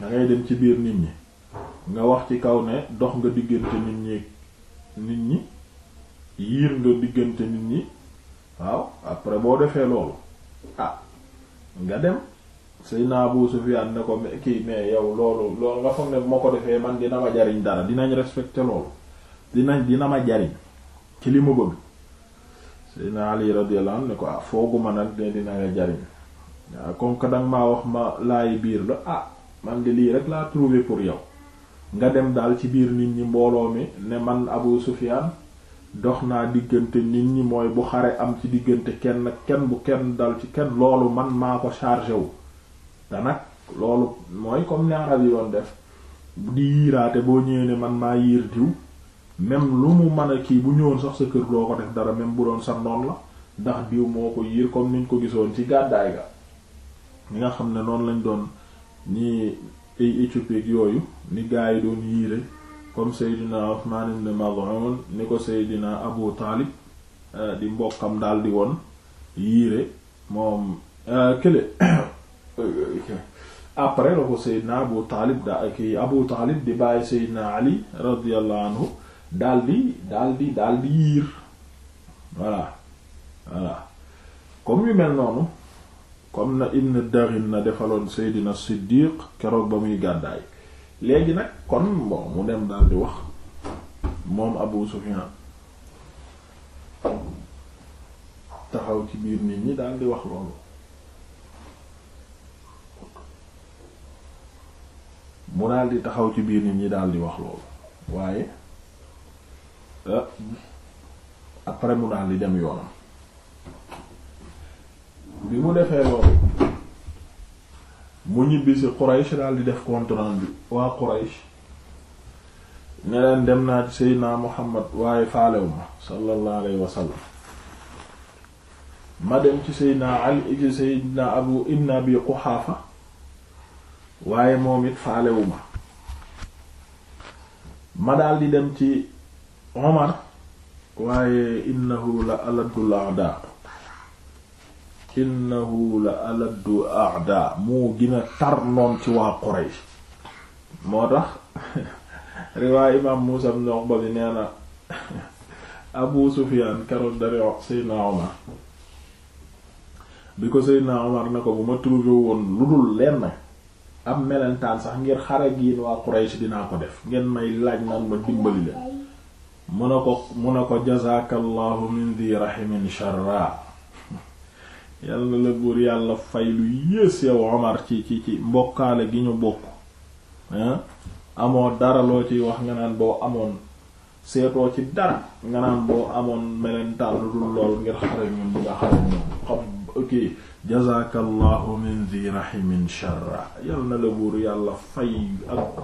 da ngay dem ci biir nit ñi nga wax ci kaw ne dox nga diggante nit ñi nit ñi yiir nga diggante nit ñi waaw après boo defee loolu ah nga dem Seydina Abu Sufyan ne ko kii mais yow loolu loolu nga foog ne ko defee man dina ma jariñ dara dinañ respecté loolu dinañ dina ma jariñ ci li ma bëgg Seydina Ali radiyallahu anhu ne ko ah fooguma nag de dina nga jariñ waaw ah, comme que danga maa wax ma laay biir la ah man de lii rek laa trouvé pour yow nga dem daal ci biir nit ñi mbooloo mi ne man Abu Sufyan dox naa diggante nit ñi mooy bu xare am ci diggante kenn kenn bu kenn dal ci kenn loolu man maa ko chargé wu te nag loolu mooy comme ni arab yi def di yiiraate boo ñëwee ne man maa yiir diw même lu mu mën a kii bu ñëwoon sax sa kër doo ko def dara même bu doon sa noon la ndax diw moo ko yiir comme niñ ko gisoon ci gàddaay ga ñi nga xam ne noonu lañ doon ni ay éthiopie yooyu ni gaa doon yiire comme Seydina Uthman ibn Maz'un ni ko Seydina Abu Talib eh, di mbokkam daal di woon yiire moom eh, kële après la ko Seydina Abu Taalib da ki Abu Taalib di bàyyi Seydina Ali radiyallahu anhu daldi daldi daldi yiir voilà voilà comme yu mel noonu comme na Ibn Darin na defaloon Seydina Siddiq keroog ba muy gàddaay léegi nag kon bon mu dem daldi wax moom Abu Sufyan taxaw ci biir nit ñi daldi wax loolu mu daal di taxaw ci biir nit ñi daal di wax loolu waaye euh, après mu daal di dem yoonam bi mu defee loolu mu ñibbisi Quraysh daal di def compte bi waa Quraysh ne dem naa ci Seydina Muhammad waaye faalewu ma sallallahu alayhi wa ma dem ci Seydina Ali ci Seydina Abu Ibn Abi Quhafa waaye moom it faalewuma ma dal di dem ci Omar waaye innahu la aladdu aada innahu la aladdu aada moo gën tar noon ci waa Quraysh moo tax <laughs> riwaay imaam Muusa ibn Uqba bi na <laughs> Abu Sufyaan keroog dari wax Seydina Omar bi ko Seydina Omar na ko bu ma trouvé woon lu dul lenn am melentaan sax ngir xare gi waa Quraysh dinaa ko def ngeen may laaj naan ma dimbali la mu ne ko mu ne ko jazaakallahu min di rahimin sharra yàlla <laughs> la buur yàlla fay lu yées yow Omar ci ci ci mbokkaale gi ñu bokk amoo dara loo ci wax nga naan boo amoon seetoo ci dara nga naan boo amoon melentaan lu dul lool ngir xare ñun nga xare ñun xam ok jazaka allahu min di rahimin sharra yal na la buur yàlla fay ak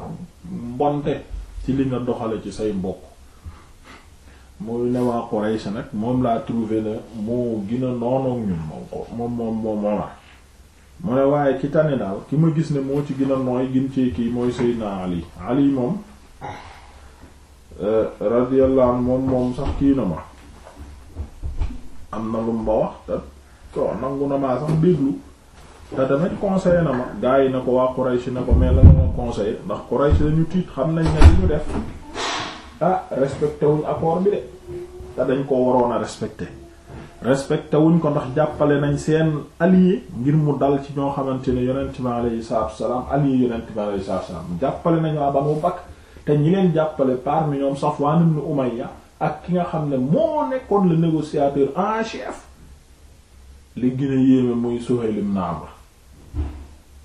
mbonte ci li nga doxale ci say mbokk muy ne waa Quraysh nag moom laa trouvé ne moo gën a noonoog ñun moom ko moom moom moom Omar mu gis ne moo ci gën kii mooy Seydina Ali Ali moom eh, moom moom sax kii na ma am na lu mu ba wax ko nangu na maa sax déglu te tamit conseillé na ma gars yi na ko waa Quraysh na ko mais la nga ma conseillé ndax Quraysh lañu tiit xam nañ ne li ñu def ah respecté wuñ accord bi de te dañ ko waroon a respecté respecté wuñ ko ndax jàppale nañ seen allié ngir mu dal ci ñoo xamante ne yonent mi alayhi salaatu salaam allié yonent mi salaam jàppale nañ waa Banu Bakr te ñi leen jàppale parmi ñoom Safwan ibn Umayya ak ki nga xam ne moo nekkoon le négociateur en chef li gën a yéeme muy Suhayl ibn Amr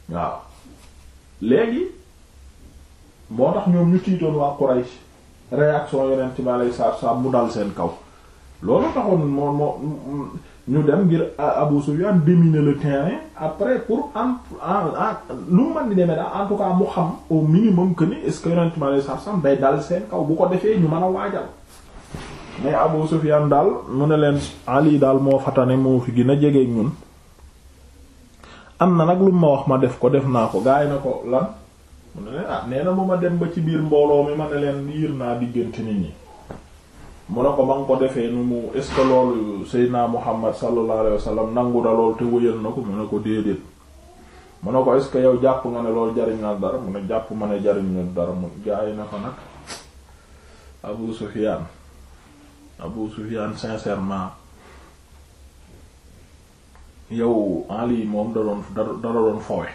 waaw léegi moo tax ñoom ñu tiitoon waa Quraysh réaction yonent bi alayhi salaatu salaam mu dal seen kaw loolu taxoon moo moo ñu dem ngir Abu Sufyan déminer le terrain après pour en lu mu mën di demee daal en tout cas mu xam au minimum que ni est-ce que yonent bi day dal seen kaw bu ko defee ñu mën a waajal mais Abu Sufyan daal mu ne leen Ali daal moo fatane moo fi gën a jege ñun am na nag lu ma wax ma def ko def naa ko gaay na ko lan mu ne leen ah nee na mu ma dem ba ci biir mbooloo mi ma ne leen yir naa diggante nit ñi mu ne ko ma nga ko defee nu mu est ce que loolu Seydina Muhammad sallallahu alayhi wa sallam nangu na lool te wëyal na ko mu ne ko déedéet mu ne ko est ce que yow jàpp nga ne loolu jariñ na dara mu ne jàpp ma ne jariñ na dara mu gaay na ko nag Abu Sufyan Abu Sufyan sincèrement yow Ali moom da doon da doon fowe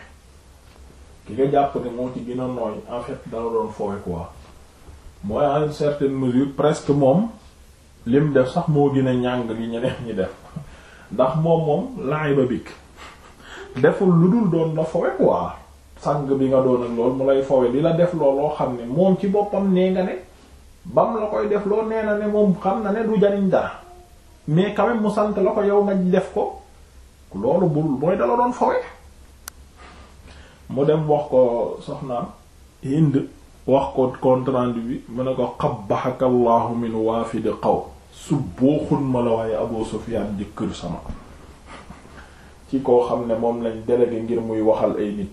ki nga jàpp ne moom ci gën a nooy en fait da doon fowe quoi mooy en certaine mesure presque moom lim def sax moo gën a ñàng li ñeneen ñi def ndax moom moom laay ba bikk deful lu dul doon la fowe quoi sang bi nga doon ak lool mu lay fowe di la def looloo xam ne moom ci boppam nee nga ne. bam la koy def loo nee na ne moom xam na ne du jariñ dara mais quand mu sant la ko yow nga def ko loolu bul mooy dala doon fawee mu dem wax ko soxnaam Hind wax ko compte bi mu ne ko qabbahaka Allahu min waafid xaw su boo xun ma la waaye Abu Sufyan jëkkër sama ci koo xam ne moom lañ délégué ngir muy waxal ay nit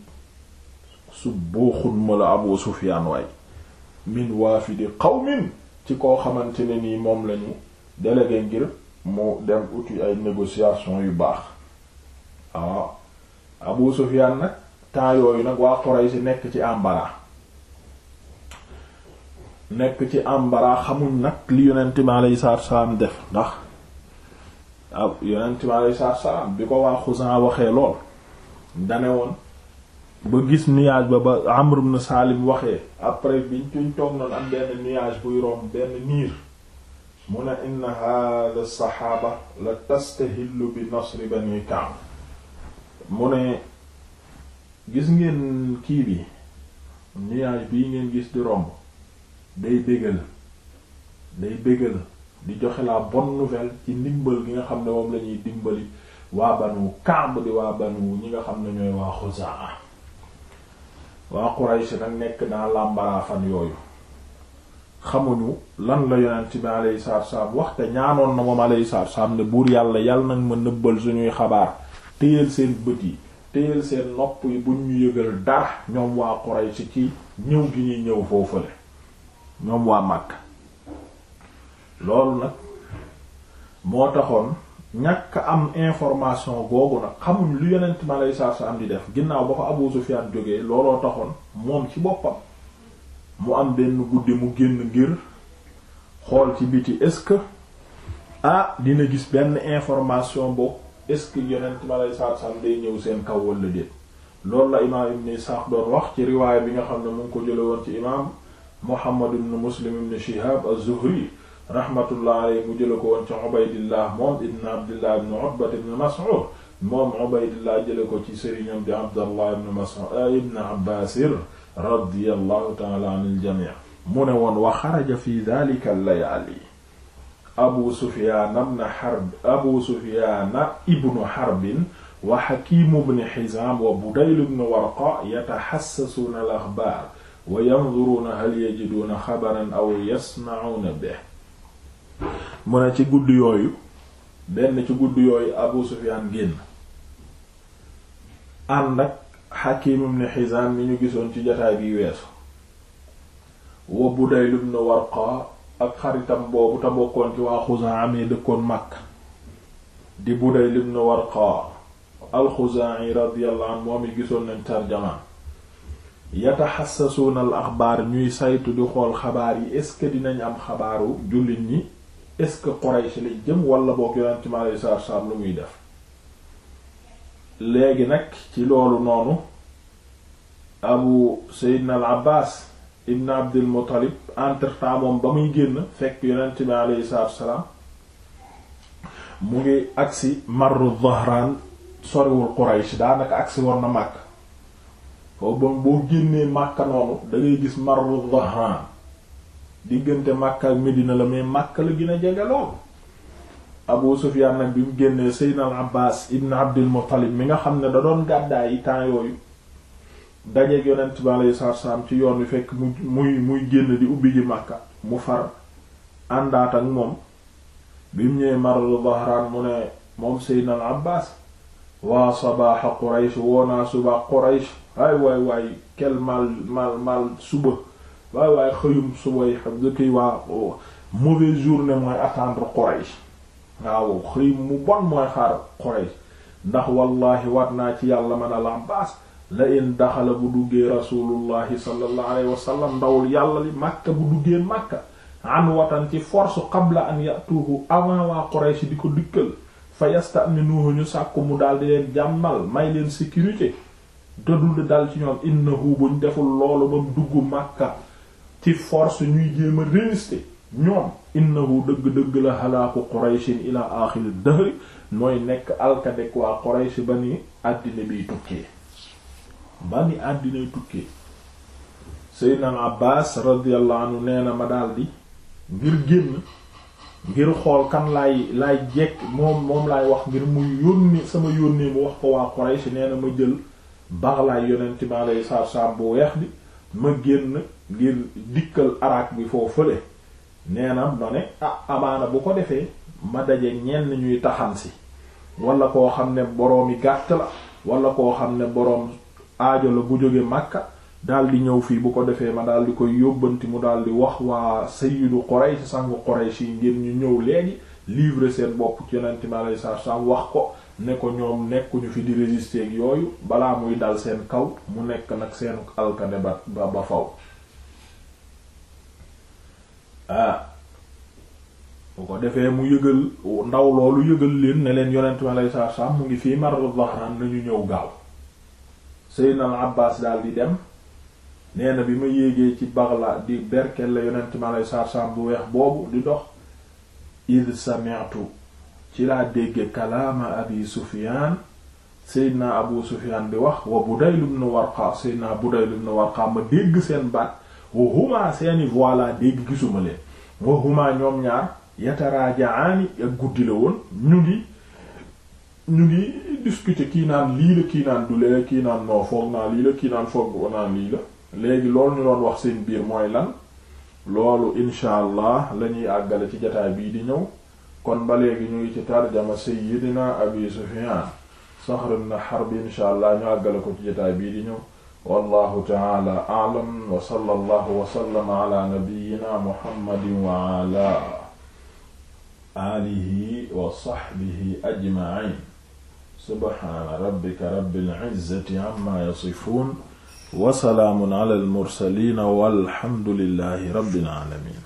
su boo xun ma la Abu Sufyan waaye min xaw qawmin ci koo xamante ne nii moom lañu délégué ngir mu dem uti ay négociation yu baax waaw ah, Abu Sufyaan nag temps yooyu nag waa Quraysh nekk ci ambara nekk ci ambara xamuñ nag li yonent mi alayhi salaatu salaam def ndax ah yonent mi alayhi salaam bi ko waa Xuzaa waxee lool dane woon ba gis nuage ba ba Amr ibn Salim waxee après bi tuñ toog noonu am benn nuage buy romb benn niir mu ne inna hada saxaaba la tastahillu bi nasri bani Ka'b mu ne gis ngeen kii bi nuage bii ngeen gis di romb day bégal day bégal di joxe la bonne nouvelle ci ndimbal gi nga xam ne moom lañuy ñuy dimbali waa banu Ka'b di waa banu ñi nga xam ne ñooy waa Xuzaa waa Quraysh nag nekk naa l'embarras yooyu xamuñu lan la yonent bi alayhi salaatu salaam wax te ñaanoon na moom alayhi salaatu ne buur yàlla yàlla nag ma nëbbal suñuy xabaar téyel seen bët yi téyel seen nopp yi buñ ñu yëgal dara ñoom waa Quraysh ci ñëw gi ñuy ñëw foofule ñoom waa Makka loolu nag moo taxoon ñàkk am information googu nag xamuñ lu yonent ma lay saa sa am di def ginnaaw ba ko Abu Sufyaan jógee looloo taxoon moom ci boppam mu am benn guddi mu génn ngir xool ci biti est-ce que ah dina gis benn information boo est-ce que yonent ma lay saa sa am day ñëw seen kaw walla déet loolu la imaam Ibn Isaaq doon wax ci riwaaya bi nga xam ne mu ngi ko jële woon ci imaam Muhammad ibn Muslim ibn Shihab az rahmatullah alayhi mu jële ko woon ci Ubaydillah moom ibn Abdillah ibn Utba ibn Mas'ud moom Ubaydillah jële ko ci sëriñam bi Abdallah ibn Mas'ud eh, ibn Abbasir radiyallahu ta'ala anil jami' mu ne woon wa xaraja fi dhalika al-layali Abu Sufyan ibn Harb Abu Sufyan ibn Harbin wa Hakim ibn Hizam wa Budayl ibn Warqa yatahassasuna al-akhbar wa yanzuruna hal yajiduna khabaran aw yasma'una bihi mu ci guddi yooyu benn ci guddi yooyu Abu Sufyaan génn ànd ak Hakim ibn Hizam mi ñu gisoon ci jataay bi weesu wa Budayl ibn Warqa ak xaritam boobu te ci waa Xuzaa amee dëkkoon Makka di Budayl ibn Warqa al-Xuzaa'i radiyallahu anhu moom i gisoon nañ tarjamaan yataxassasuuna al axbaar ñuy saytu di xool xabaar yi est-ce dinañ am xabaaru jullit ñi est-ce que Quraysh lañ jëm wala boog yonent mi alayhi salaatu salaam lu muy def léegi nag ci loolu noonu abu Seydina al Abbaas ibn Abdul Muttalib entre-temps moom ba muy génn fekk yonent mi alayhi salaatu salaam mu ngi agsi Marru Dhahraan soriwul Quraysh daanaka agsi war na Makka foofu boo génnee Makka noonu da ngay gis Marru Dhahraan diggante Makka ak Medina la mais Makka la gën a Abu Sufyan nag bi mu génnee Seydina al Abbas ibn Abdul Muttalib mi nga xam ne da doon gàddaay yi temps ci yoon wi fekk mu muy muy génn di ubbi ji Makka mu far àndaat ak moom bi mu ñëwee Marru Dhahraan mu ne moom Seydina al Abbas waa sabaaxa Quraysh woonaa suba Quraysh ay waay waay kel mal mal mal suba waaye waaye xëyum subay xam nga koy waa oh, mauvaise journée mooy attendre Quraysh waaw xëy mu bon mooy xaar Quraysh ndax wallahi waat naa ci yàlla mën a lambaas la in daxala bu duggee rasulullahi sallallahu alayhi wa ndawul yàlla li màkka bu duggee màkka an watan ci force qabla an yatuuhu avant waa Quraysh di ko dikkal fa yastaminuhu ñu sàkku mu daal di leen jàmmal may leen sécurité dadul dal ci ñoom innahu buñ deful loolu ba mu dugg màkka ci force ñuy jéem a résister ñoom innahu dëgg-dëgg la halaaku qurayshin ila aaxiri dahri mooy nekk alkadek waa quraysh ba ni àddina biy tukkee ba ni àddinay tukkee seydna al abbas radiyallahu anhu ma daldi ngir génn ngir xool kan laay laay jekk moom moom laay wax ngir mu yónni sama yónnee mu wax ko waa quraysh nee ma jël bax laay yonent bi alayhi salaatu salaam bu weex bi ma génn ngir dikkal arak bi foo fële nee na ma ne ah amaana bu ko defee ma daje ñenn ñuy taxan si wala koo xam ne boroomi gàtt la wala koo xam ne boroom aajo la bu jóge Makka di ñëw fii bu ko defee ma di koy yóbbanti mu di wax waa sayyidu Quraysh sangu Quraysh yi ngir ñu ñëw léegi livrer seen bopp ci yonente mi alayhi wax ko ne ko ñoom nekkuñu fi di résister yooyu balaa muy dal seen kaw mu nekk nag seen alkane ba ba ba faw ah bu ko defee mu yëgal ndaw loolu yëgal leen ne leen yonent mi alayhi salaatu mu ngi fii Marru Zahraan nañu ñëw gaaw Seydina al Abbaas daal di dem nee bi ma yéegee ci Bagla di berkelle yonent mi alayhi salaatu bu weex boobu di dox id sami'tu ci laa dégge kalaama abi sufiyaan seydna abu sufiyaan bi wax wa budayl ibn warqa seydna budayl ibn warqa ma dégg seen baat wa huma seeni voilà dégg gisuma leen wa huma ñoom ñaar yataraajaani ak guddi la woon ñu ngi ñu ngi discuter kii naan lii la kii naan du kii naan non naa lii la kii naan foog naa lii la léegi loolu ñu doon wax seen biir mooy lan loolu incha lañuy la àggale ci jataay bii di ñëw kon ba léegi ñu ngi ci tarjama sayyidina abi sufyan saxr ibn harb insha allah ñu àggale ko ci jotaay bii di ñëw wallahu ta'ala a'lam wa sallallahu wa sallama ala nabiyyina muhammadin wa ala alihi wa sahbihi ajma'in subhana rabbika rabbil izzati amma yasifun wa salaamun ala al mursalin walhamdulillahi rabbil alamin